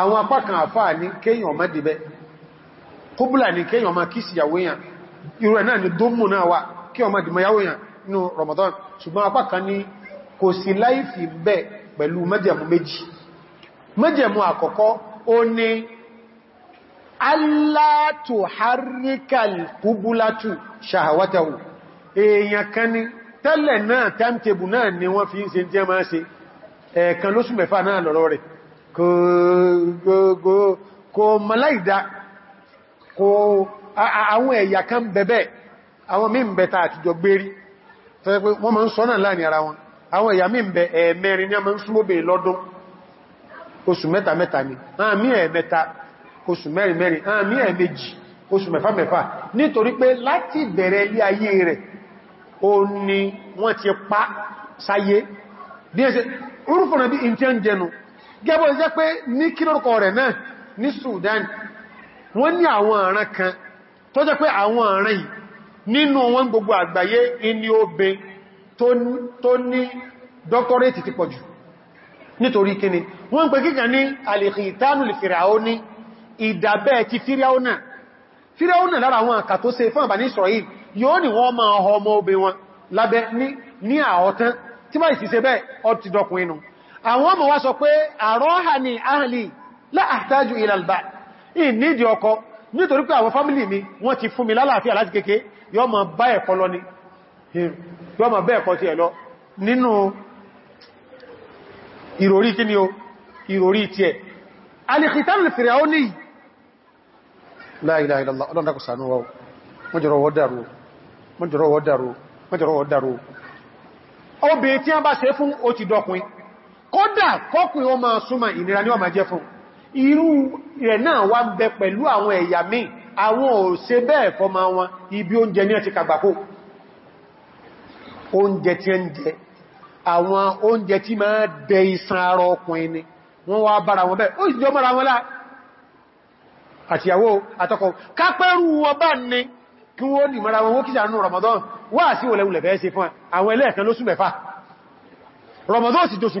àwọn apákan àfáà ní kéyàn ọmọ dìbẹ́ kúbùlà ní kéyàn ọmọ kí síyàwó yàn irú ẹ̀ náà ni dómù náà wà kí ọmọ dìmọ̀yàwó yàn ní Ramadan ṣùgbọ́n apákan ní kò sí láìfì bẹ́ pẹ̀lú májẹ̀mú méjì májẹ̀mú àkọ́kọ́ ó ní aláàtò harikal kúbùlátù ṣàhàwátàwò èèyàn kan ní tẹ́lẹ̀ náà timetable náà ni wọ́n fi ń ṣe jẹ́ máa kò mọ̀láìdá kòó àwọn ẹ̀yà kan bẹ̀bẹ̀ àwọn mí ń bẹ ta àtijọ gbérí tẹ́lẹ̀ pé wọ́n máa sọ́nà ara wọn àwọn ẹ̀yà mí ń bẹ ní a máa ń súnmóbè mẹ́fà mẹ́fà láti bẹ̀rẹ̀ ilé ayé rẹ̀ wọ́n ti gẹ́bọ̀ jẹ́ pé ní kí lórúkọ rẹ̀ náà ní Sudan wọ́n ní àwọn àrán kan tó jẹ́ pé àwọn àrán yìí nínú wọn gbogbo àgbáyé inú obe tó ní dọ́kọ́rẹ́tì ti pọ̀jù nítorí kíni wọ́n pè kíkà ní alìkìtánù lè fìràóní ìdàbẹ́ ti fìràónà fìràónà lára àwọn àkà tó ṣe fún àbáni Israel àwọn ọmọ wá sọ pé àrọ́hà ni ahìlì láàtájú ìlàlbà ìnídìí ọkọ nítorí pé àwọn fámílì mi wọ́n ti fún mi lálàáfíà láti kéèké yọ́ ma bá ẹ̀kọ́ lọ ni yọ́ ma bá ẹ̀kọ́ ti ẹ̀ lọ nínú ìròrí kí ni o ìròrí ti ẹ̀ alìkìtàlì fìrìáóní la ilaha illallah ọlọ́ndakùsànú wọ́n jọrọ wọ́n dàrú wọ́n jọrọ wọ́n kódà kọkùnrin wọn máa súnmà ìnira ní ọmọ jẹ́ fún irú rẹ̀ náà wá ń bẹ pẹ̀lú àwọn ẹ̀yà míì àwọn ò ṣe bẹ́ẹ̀ fọ́mọ wọn ibi oúnjẹ ní ọ̀tí kàgbàkó oúnjẹ tí ń jẹ àwọn oúnjẹ tí máa dẹ iṣan ara ọkùnrin ni wá bára wọn bẹ́ẹ̀ ó sì jọ mọ́ra wọn láà mara wọn Ramadan wá sí wọlẹ̀wùlẹ̀ bẹ́ẹ̀ ṣe fún àwọn Ramadan sì dóṣù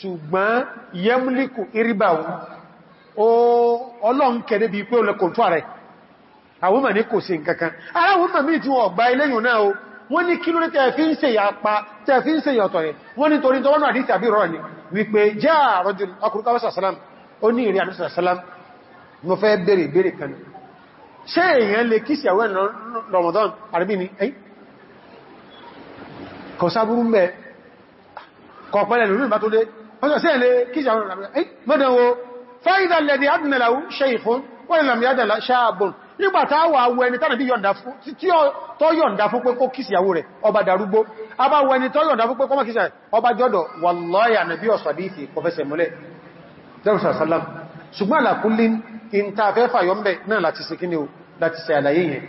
ṣùgbọ́n yẹmúlìkù ìrìbà ọlọ́nkẹ̀dẹ́ bí pé olè kòtò rẹ̀ àwọn mọ̀ kò sí nkankan aláwọn mọ̀ tí wọ́n gba iléyìn náà o wọ́n ní kí ló ní tẹ́ẹ̀fí ń ṣe yàpa tẹ́ẹ̀fí ń ṣe yọ̀tọ̀ rẹ̀ wọ́n ní torí tọwọ́nà àdísì àbí rọ̀ ni wípé já àrọ́jù ọkùnrùkọ́wọ́sàsálám ó ní ìrìn àdúsàsálám mo fẹ́ bèèrè ìbéèrè kan ṣé èèyàn lè kí ìyàwó Ramadan àrẹ́bí ni ẹ́ kọ̀sáburú mẹ́ kọ̀pẹ́lẹ̀ lórí ìbá tó dé ọjọ́ sí ẹ̀lẹ́ kíjà àwọn ìrìnàmì mẹ́dẹ̀wò fẹ́ìdà lẹ́dẹ̀ adìnàláwú ṣe ìfún wọ́n ìrìnàmì adìnàlá ṣáàbùn nígbàtá wà wọ ẹni tánà bí tó yọ̀nda fún pé kó kìsì àwó rẹ̀ ọba darúgbó abá wọ ẹni tó yọ̀nda fún pé kó má kìsì ọba jọ́dọ̀ wallahi ànàbí ọ̀sọ̀dífì kọfẹsẹ̀ múlẹ̀ jẹ́rùsàlám ṣùgbọ́n àlàkúnlé in ta fẹ́ fàyọ́ mẹ́ náà láti ṣe kíni o láti ṣe àlàyé yẹn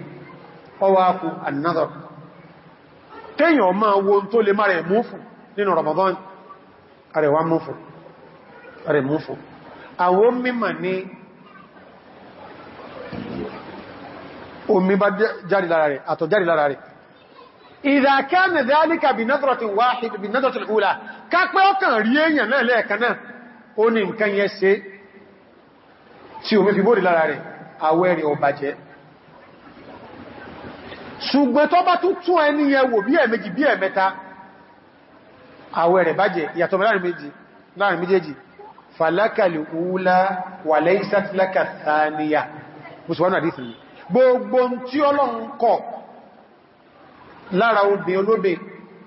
ọwá kú another kéèyàn máa wo tó lè mara ẹ̀mú fún nínú Ramadan àrẹ̀wà múfò àwọn mímọ̀ ní omi bá jáde lára rẹ̀ àtọ̀ jáde lára rẹ̀ ìdàkẹ́ ní dáálíkà bí nátọ̀tí wáhìdì bí nátọ̀tí ìhúlà kápẹ́ ọkàn rí èyàn náà lẹ́ẹ̀kan náà ó ní nǹkan yẹ ṣe tí omi fi bóòdì lára rẹ̀ àwẹ̀ rẹ̀ bàjẹ́ ìyàtọ̀ láàrin méjèèjì falakali ula wà laysat Musuwa thaniya musulmanu gbogbo tí ọlọ́run kọ lára obìn olóbe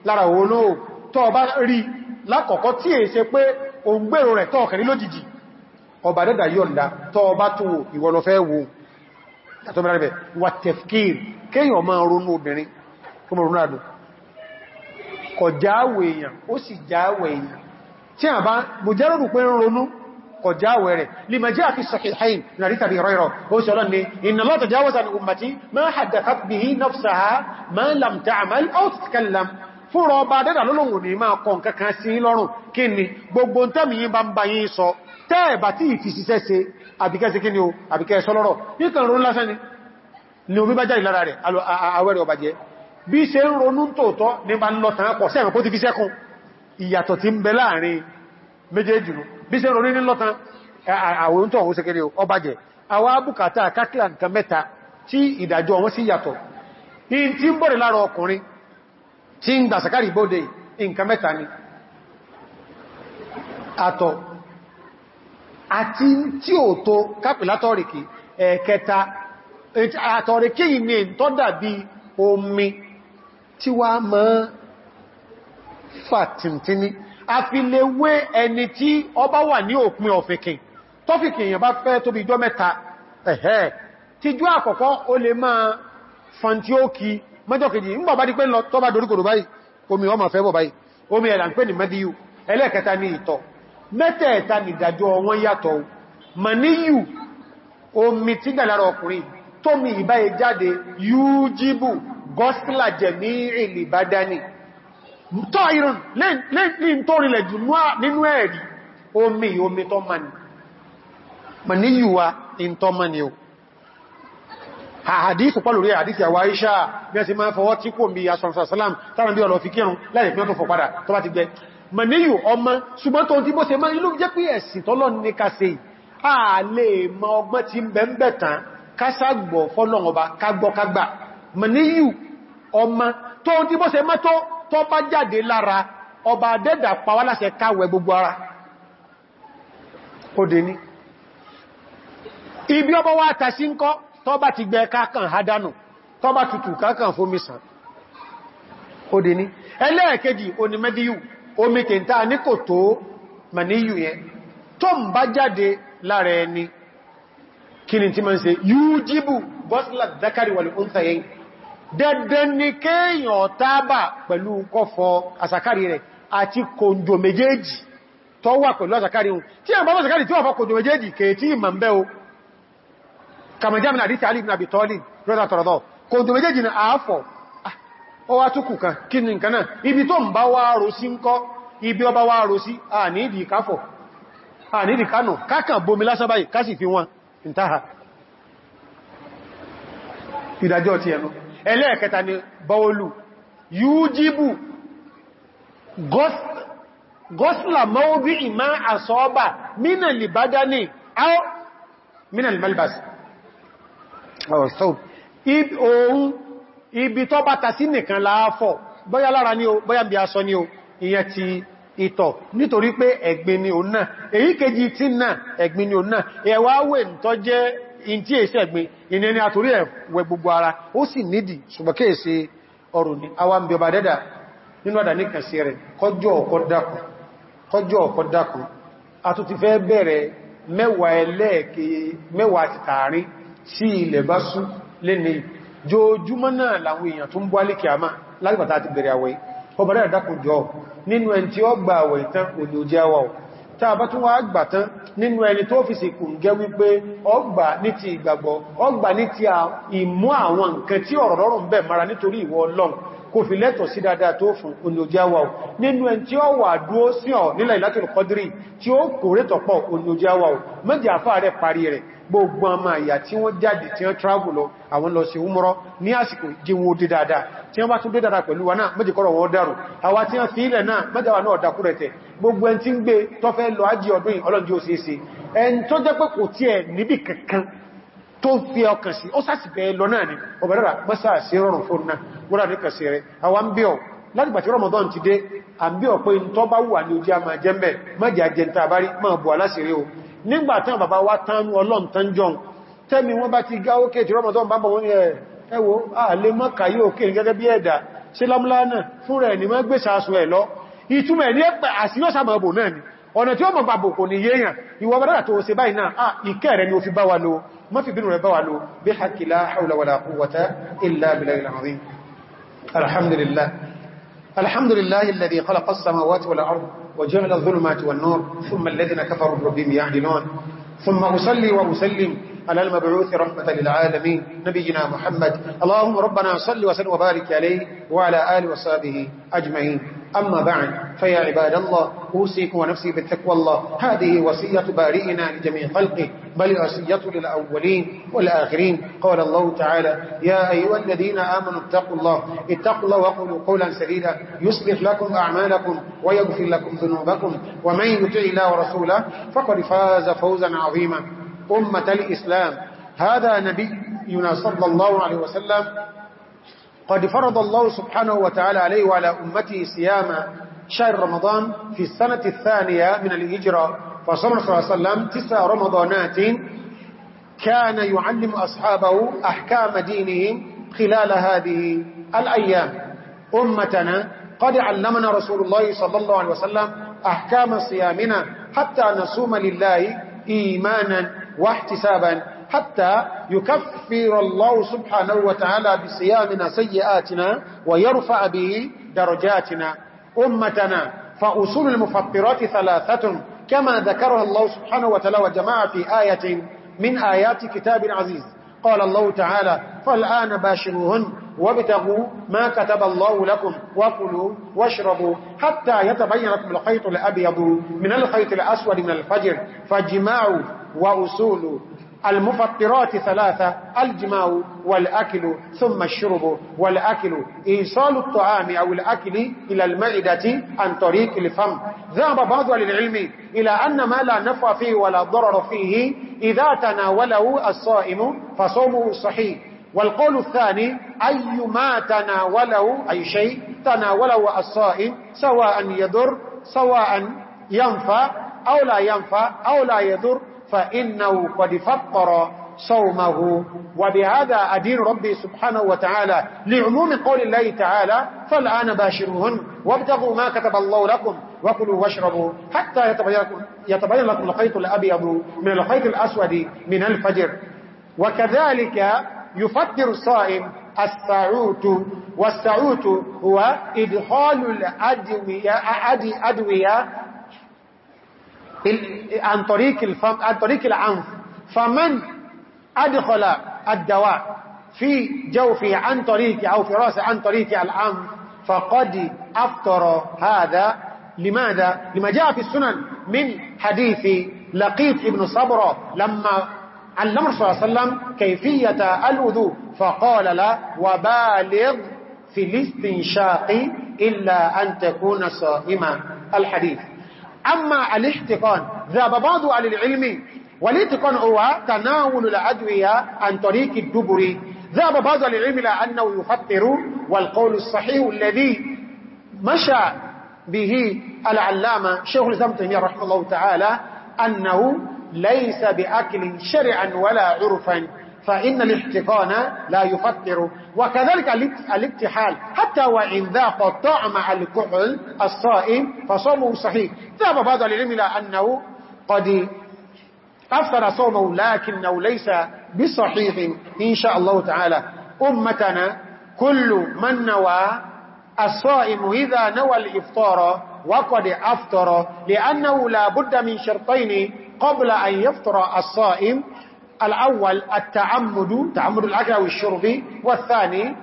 lára olóò tọ́ ọba rí lákọ̀ọ́kọ́ tí è ṣe pé o ń gbèrò rẹ̀ tọ́ ọ̀kẹ̀rí lójijì ọba dẹ́dà yọ̀nda tọ́ ọba tó wo àtọ́mẹ́rẹ́ bẹ̀ wà tẹ̀fkìr kéyàn máa ronú obìnrin kọ̀ jáwẹ̀ èèyàn ó sì jáwẹ̀ èèyàn tí a bá mùjẹ́rọ̀rù pé ronú kọ̀ jáwẹ̀ rẹ̀ lè mẹ́jẹ́ àti sahihayn na rí tàbí rọ́rọ̀ ó sì ọlọ́ni inna Allah tajawaza an ummati ma haddathat bihi nafsaha ma lam ta'mal aw tatakallam fúnra ọba dẹ́dà lọ́lọ́wọ̀n ní máa kọ nǹkan kan sí lọ́rùn kí ni gbogbo tẹ́mìyàn bá ń bá yín sọ tẹ́ẹ̀bà bí ṣe ń ronú tòótọ́ nípa ń lọ tàn pọ̀ sí àwọn kó ti fi sẹ́kùn ìyàtọ̀ tí ń bẹ láàrin méjèèjì nù bí ṣe ń ronú nílọ́tàn àwọn tó ọ̀hún sẹ́kẹ́rẹ́ ọbàjẹ́ àwọn abúkàtà kákílà nǹkan mẹ́ta tí ìdájọ́ in tí ń bọ̀rẹ̀ lára ọkùnrin tí ń gbà sàkárì bóde nǹkan mẹ́ta ni àtọ̀ àti tí ò tó kápìlátọ̀rìkì ẹ̀ẹ̀kẹta àtọ̀rìkì yìí ni tọ́dà bí omi tí wá mọ́ fàtìntìní a fi lè wé ẹni tí ọba wà ní òpin ọ̀fẹ́kìn tọ́fìkì èèyàn bá fẹ́ tóbi jọ mẹ́ta ẹ̀hẹ́ tíjú àkọ́kọ́ ó lè máa fàntí ó kí mẹ́jọ kejì ń bọ̀ bá di pé lọ tọ́bá doríkòrò báyìí omi ọmọ fẹ́ bọ̀ báyìí omi ẹ̀là ń pè ní gọ́sílà jẹ̀mí ìlì bá dání tọ́ irun lè ń tó rílẹ̀ jù nínú ẹ̀rí omi omi tó mani ma ní yíwa in tó mani o àdísù pọ̀lú rí àdísì àwà iṣà bí ẹsì máa fọwọ́ tí kò mí asọ̀rọ̀sọ̀sọ́lám tàbí bí ọlọ́fi kírun láì pín ọkùn fọ̀padà tó bá ti gbẹ ma ní yíò ọmọ ṣùgbọ́n tó tí bó ṣe máa ilú jẹ́ pé ẹ̀sìn tọ́lọ́ ní ọmọ tó ń tí bó ṣe mọ́tó tó bá jáde lára ọba adẹ́dà pàwà láṣẹ káwẹ̀ gbogbo ara ó dé ní ibi ọba wá tàṣí ń kọ́ tó bá ti gbẹ kákan hádánù tó bá tutù kákan fómìsàn ó dé ní ẹlẹ́ẹ̀kejì onímẹ́díyù omi tèntà ní kò tó màníyù yẹn tó ń bá jáde lára ẹni kí ni tí ma ń ṣe yújíbù gọ́sílá zakari wal unthayayn dandan ni kéèyàn tábà pẹ̀lú kọfọ àsàkárì rẹ̀ àti kòǹjò méjèèjì tó wà pẹ̀lú àsàkárì hun tí a bá bá àsàkárì tí wà fọ́ kòǹjò méjèèjì kèètí ìmọ̀ ń bẹ́ o kàmàjámin àdíti alì ibn Abi Talib rọ́dà tọ̀rọ̀dọ̀ kòǹjò méjèèjì ni àáfọ̀ ah, ó wá túkù kan kí ni nǹkan náà ibi tó ń bá ìdájọ́ ti ẹnu ẹlẹ́ẹ̀kẹta ni bọ́ọ̀lù yújíbù gọ́sùlà mọ́wọ́bí ìmá àsọ́ọ́bà mínà lìbádání áwọ́ mínà lìbálìbás ohun ibi tó bá ta sí nìkan láàfọ̀ bóyá lára ní o bóyá bí aṣọ ní o ìyẹn ti ìtọ̀ nítorí pé ẹ̀gbin ni òun náà èyíkejì tí náà ẹ̀gbin ni òun náà ẹ̀wà wẹ̀ ń jẹ́ in tí èsẹ́ ẹ̀gbin ìní ẹni àtorí ẹ̀wẹ̀ gbogbo ara ó sì nídì ṣùgbọ́n kéèsè ọrùn ní àwọn bí ọba dẹ́dà nínú àdà níkànsí rẹ̀ kọjọ́ ọ̀kọ́ dákùn a tó ti fẹ́ bẹ̀rẹ̀ mẹ́wàá ẹlẹ́ẹ̀kẹ́ mẹ́wàá ti tààrin sí ilẹ̀ bá sú lẹ́ni jọjúmọ́ tá a bá tún wá gbàtán nínú ẹni tó fi sí kùn gẹ́ wípé ọgbà ní ti ìgbàgbọ́ ọgbà ní ti ìmú àwọn nǹkan tí ọ̀rọ̀ lọ́rùn bẹ̀ mara nítorí ìwọ Ọlọ́run kò fi lẹ́tọ̀ sí dáadáa tó fún oníojáwà nínú ẹn tí ó wà dúó sí ọ̀ nílẹ̀ ìlátòrò kọdírí tí ó kò oníojáwà mẹ́jì àfáà rẹ̀ parí rẹ̀ gbogbo àmà àyà tí wọ́n jáde tí wọ́n travel lọ àwọn lọ sí umọ́rọ́ ní àsìkò jí wọ́n dé dáadáa tí wọ́n bá tún dé dáadáa pẹ̀lú wa náà méjì kọ́rọ̀ wọ́n dárò àwa tí wọ́n fi ilẹ̀ náà mẹ́jàwà náà dákúrẹ̀tẹ̀ gbogbo ẹn tí ń gbé tó fẹ́ lọ ájí ọdún ọlọ́njí ó ṣeéṣe ẹn tó jẹ́ pé kò tí ẹ̀ níbi kankan tó fi ọkàn sí láti pàtí Ramadan ti dé àbí ọ̀pẹ́ tó wà ní ojú àmà jẹ́mbẹ̀ mọ́jà jẹ́ntà bá máa bù aláṣìírí o nígbàtán bàbá wá tánú ọlọ́ntán jọun tẹ́mi wọ́n bá ti gá ókè tí rọmọdán bá bọ̀ wọ́n yẹ ẹwọ́ ààlè mọ́kàyí òkè gẹ́gẹ́ bí ẹ̀dà sí lámúlánà fún rẹ̀ ní mọ́ gbé sàásù ẹ̀ lọ ìtumẹ̀ ní ẹ̀pẹ̀ àsíyọ́sàmọ̀bò náà ni ọ̀nà tí ó mọ̀ bàbò kò ní yéèyàn ìwọ bàdàdà tó ṣe báyìí náà à ah, ìkẹ́ alhamdulillah الحمد لله الذي خلق السماوات والأرض وجعل الظلمات والنور ثم الذين كفروا بربهم يعدلون ثم أصلي وأسلم على المبعوث رحمة للعالمين نبينا محمد اللهم ربنا صل وسلم وبارك عليه وعلى آله وصحبه أجمعين أما بعد فيا عباد الله أوصيكم ونفسي بالتقوى الله هذه وصية بارئنا لجميع خلقه بل وصية للأولين والآخرين قال الله تعالى يا أيها الذين آمنوا اتقوا الله اتقوا الله وقولوا قولا سديدا يصلح لكم أعمالكم ويغفر لكم ذنوبكم ومن يطع الله ورسوله فقد فاز فوزا عظيما أمة الإسلام هذا نبينا صلى الله عليه وسلم قد فرض الله سبحانه وتعالى عليه وعلى أمته صيام شهر رمضان في السنة الثانية من الهجرة فصلى الله عليه وسلم تسع رمضانات كان يعلم أصحابه أحكام دينهم خلال هذه الأيام أمتنا قد علمنا رسول الله صلى الله عليه وسلم أحكام صيامنا حتى نصوم لله إيمانا واحتسابا حتى يكفر الله سبحانه وتعالى بصيامنا سيئاتنا ويرفع به درجاتنا أمتنا فأصول المفطرات ثلاثة كما ذكرها الله سبحانه وتعالى وجماعة في آية من آيات كتاب عزيز قال الله تعالى فالآن باشروهن وابتغوا ما كتب الله لكم وكلوا واشربوا حتى يتبين لكم الخيط الأبيض من الخيط الأسود من الفجر فاجمعوا وأصول المفطرات ثلاثة الجماع والأكل ثم الشرب والأكل إيصال الطعام أو الأكل إلى المعدة عن طريق الفم ذهب بعض للعلم إلى أن ما لا نفع فيه ولا ضرر فيه إذا تناوله الصائم فصومه صحيح والقول الثاني أي ما تناوله أي شيء تناوله الصائم سواء يضر سواء ينفع أو لا ينفع أو لا يضر فإنه قد فطر صومه وبهذا أدين ربي سبحانه وتعالى لعموم قول الله تعالى فالآن باشرهن وابتغوا ما كتب الله لكم وكلوا واشربوا حتى يتبين لكم الخيط الأبيض من الخيط الأسود من الفجر وكذلك يفطر الصائم السعوت والسعوت هو إدخال الأدوية, أدوية عن طريق الفم عن طريق العنف فمن أدخل الدواء في جوفه عن طريق أو في رأسه عن طريق العنف فقد أفطر هذا لماذا؟ لما جاء في السنن من حديث لقيت ابن صبرة لما علم الرسول صلى الله عليه وسلم كيفية الوضوء فقال لا وبالغ في الاستنشاق إلا أن تكون صائما الحديث أما الاحتقان ذهب بعض على العلم والاتقان هو تناول الأدوية عن طريق الدبر ذهب بعض العلم إلى أنه يفطر والقول الصحيح الذي مشى به العلامة شيخ الإسلام رحمه الله تعالى أنه ليس بأكل شرعا ولا عرفا فإن الاحتقان لا يفطر وكذلك الابتحال حتى وإن ذاق طعم الكحل الصائم فصومه صحيح ذهب بعض العلم إلى أنه قد أفطر صومه لكنه ليس بصحيح إن شاء الله تعالى أمتنا كل من نوى الصائم إذا نوى الإفطار وقد أفطر لأنه لا بد من شرطين قبل أن يفطر الصائم الأول التعمد تعمد الأكل أو الشرب والثاني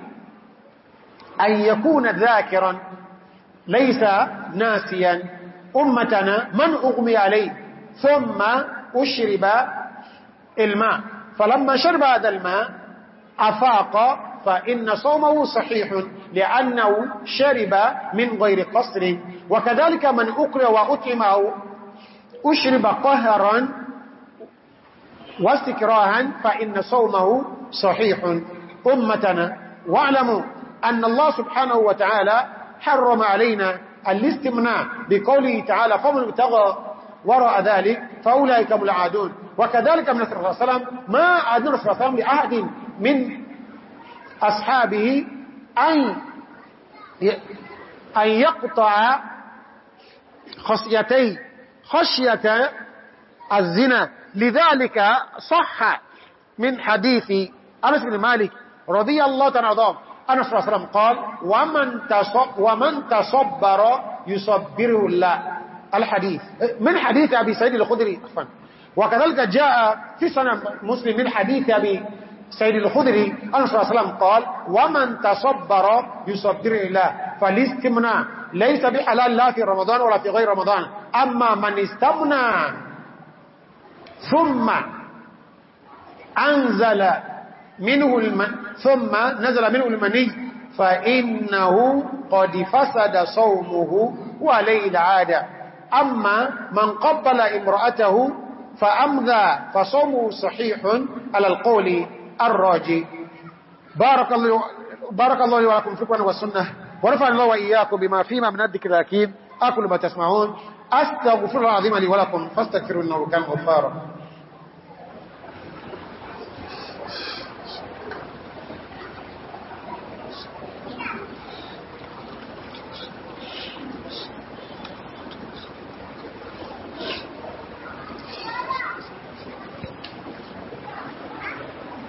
أن يكون ذاكرا ليس ناسيا أمتنا من أغمي عليه ثم أشرب الماء فلما شرب هذا الماء أفاق فإن صومه صحيح لأنه شرب من غير قصر وكذلك من أقرأ وأتمه أشرب قهرا واستكراها فإن صومه صحيح أمتنا واعلموا أن الله سبحانه وتعالى حرم علينا الاستمناء بقوله تعالى فمن ابتغى وراء ذلك فأولئك ملعادون وكذلك من صلى الله عليه وسلم ما عاد صلى الله عليه وسلم لأحد من أصحابه أن أن يقطع خصيتي خشية الزنا لذلك صح من حديث أنس بن مالك رضي الله تنرضاه أنس صلى الله عليه وسلم قال ومن, تصب ومن تصبر يصبره الله الحديث من حديث أبي سيد الخدري وكذلك جاء في سنة مسلم من حديث أبي سيد الخدري أنس صلى الله عليه وسلم قال ومن تصبر يصبره الله فالاستمنى ليس بحلال لا في رمضان ولا في غير رمضان أما من استمنى ثم أنزل منه الم... ثم نزل منه المني فإنه قد فسد صومه وعليه العادة أما من قبل امرأته فأمذى فصومه صحيح على القول الراجي بارك الله بارك الله لي ولكم في القرآن والسنة ورفع الله وإياكم بما فيما من الذكر الأكيد أكل ما تسمعون أستغفر الله العظيم لي ولكم فاستغفروا إنه كان غفارا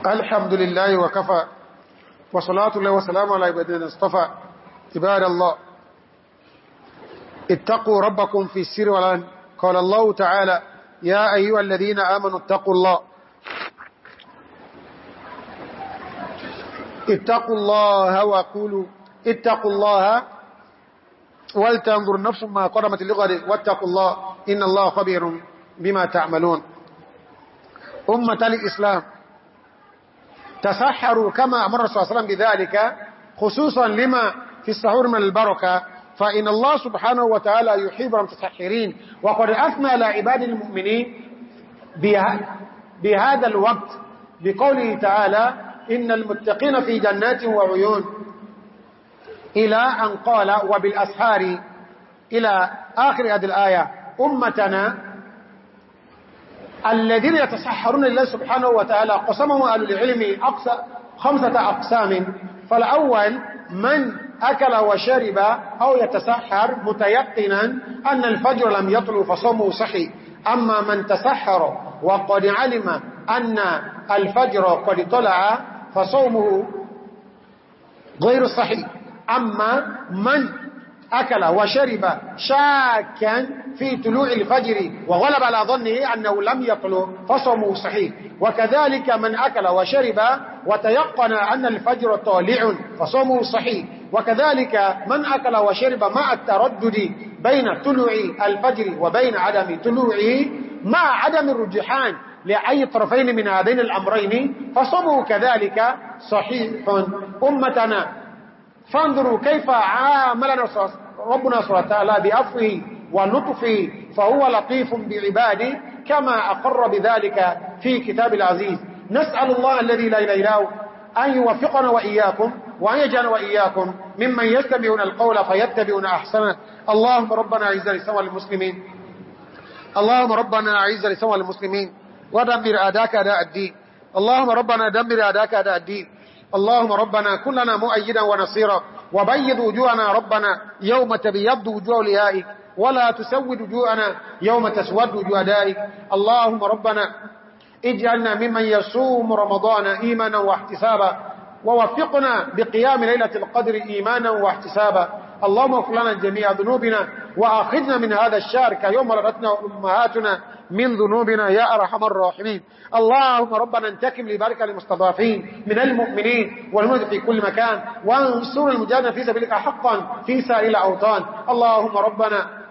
الحمد لله وكفى وصلاة الله وسلام على عبادنا اصطفى عباد الله اتقوا ربكم في السر والعلن قال الله تعالى يا أيها الذين آمنوا اتقوا الله اتقوا الله وقولوا اتقوا الله ولتنظر نفس ما قدمت لغد واتقوا الله إن الله خبير بما تعملون أمة الإسلام تسحروا كما أمر صلى الله عليه وسلم بذلك خصوصا لما في السحور من البركة فإن الله سبحانه وتعالى يحب المتسحرين وقد أثنى على عباد المؤمنين بهذا الوقت بقوله تعالى إن المتقين في جنات وعيون إلى أن قال وبالأسحار إلى آخر هذه الآية أمتنا الذين يتسحرون لله سبحانه وتعالى قسمهم أهل العلم أقسى خمسة أقسام فالأول من أكل وشرب أو يتسحر متيقنا أن الفجر لم يطل فصومه صحي أما من تسحر وقد علم أن الفجر قد طلع فصومه غير صحي أما من أكل وشرب شاكا في طلوع الفجر وغلب على ظنه أنه لم يطلع فصمه صحيح وكذلك من أكل وشرب وتيقن أن الفجر طالع فصمه صحيح وكذلك من أكل وشرب مع التردد بين طلوع الفجر وبين عدم طلوعه مع عدم الرجحان لأي طرفين من هذين الأمرين فصموا كذلك صحيح أمتنا فانظروا كيف عاملنا ربنا سبحانه وتعالى بعفوه ولطفه فهو لطيف بعباده كما أقر بذلك في كتاب العزيز نسأل الله الذي لا إله إلا هو أن يوفقنا وإياكم وأن يجعلنا وإياكم ممن يتبعون القول فيتبعون أحسنه اللهم ربنا أعز لسوى المسلمين اللهم ربنا أعز لسوى المسلمين ودمر أداك أداء الدين اللهم ربنا دمر أداك أداء الدين اللهم ربنا كلنا مؤيدا ونصيرا وبيض وجوهنا ربنا يوم تبيض وجوه لهائك ولا تسود وجوهنا يوم تسود وجوه دائك اللهم ربنا اجعلنا ممن يصوم رمضان إيمانا واحتسابا ووفقنا بقيام ليلة القدر إيمانا واحتسابا اللهم اغفر لنا جميع ذنوبنا وآخذنا من هذا الشهر كيوم ردتنا أمهاتنا من ذنوبنا يا أرحم الراحمين اللهم ربنا انتكم لبارك المستضعفين من المؤمنين والمؤمنين في كل مكان وانصر المجاهدين في سبيلك حقا في سائر الأوطان اللهم ربنا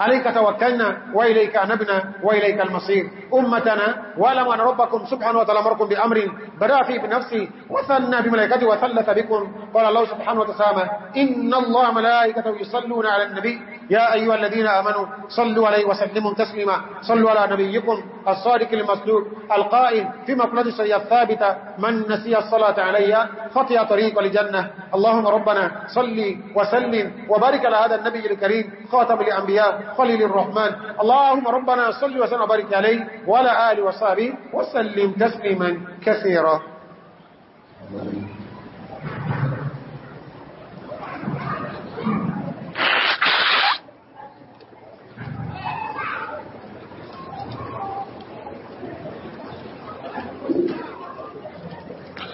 عليك توكلنا وإليك أنبنا وإليك المصير أمتنا ولم أن ربكم سبحانه وتعالى مركم بأمر بدأ فيه نفسي وثنى بملائكته وثلث بكم قال الله سبحانه وتعالى إن الله ملائكته يصلون على النبي يا أيها الذين آمنوا صلوا عليه وسلموا تسليما صلوا على نبيكم الصادق المصدوق القائم في مقلد سيئة الثابتة من نسي الصلاة عليها خطي طريق لجنة اللهم ربنا صلي وسلم وبارك على هذا النبي الكريم خاتم الأنبياء خليل الرحمن اللهم ربنا صلي وسلم وبارك عليه وعلى آله وصحبه وسلم تسليما كثيرا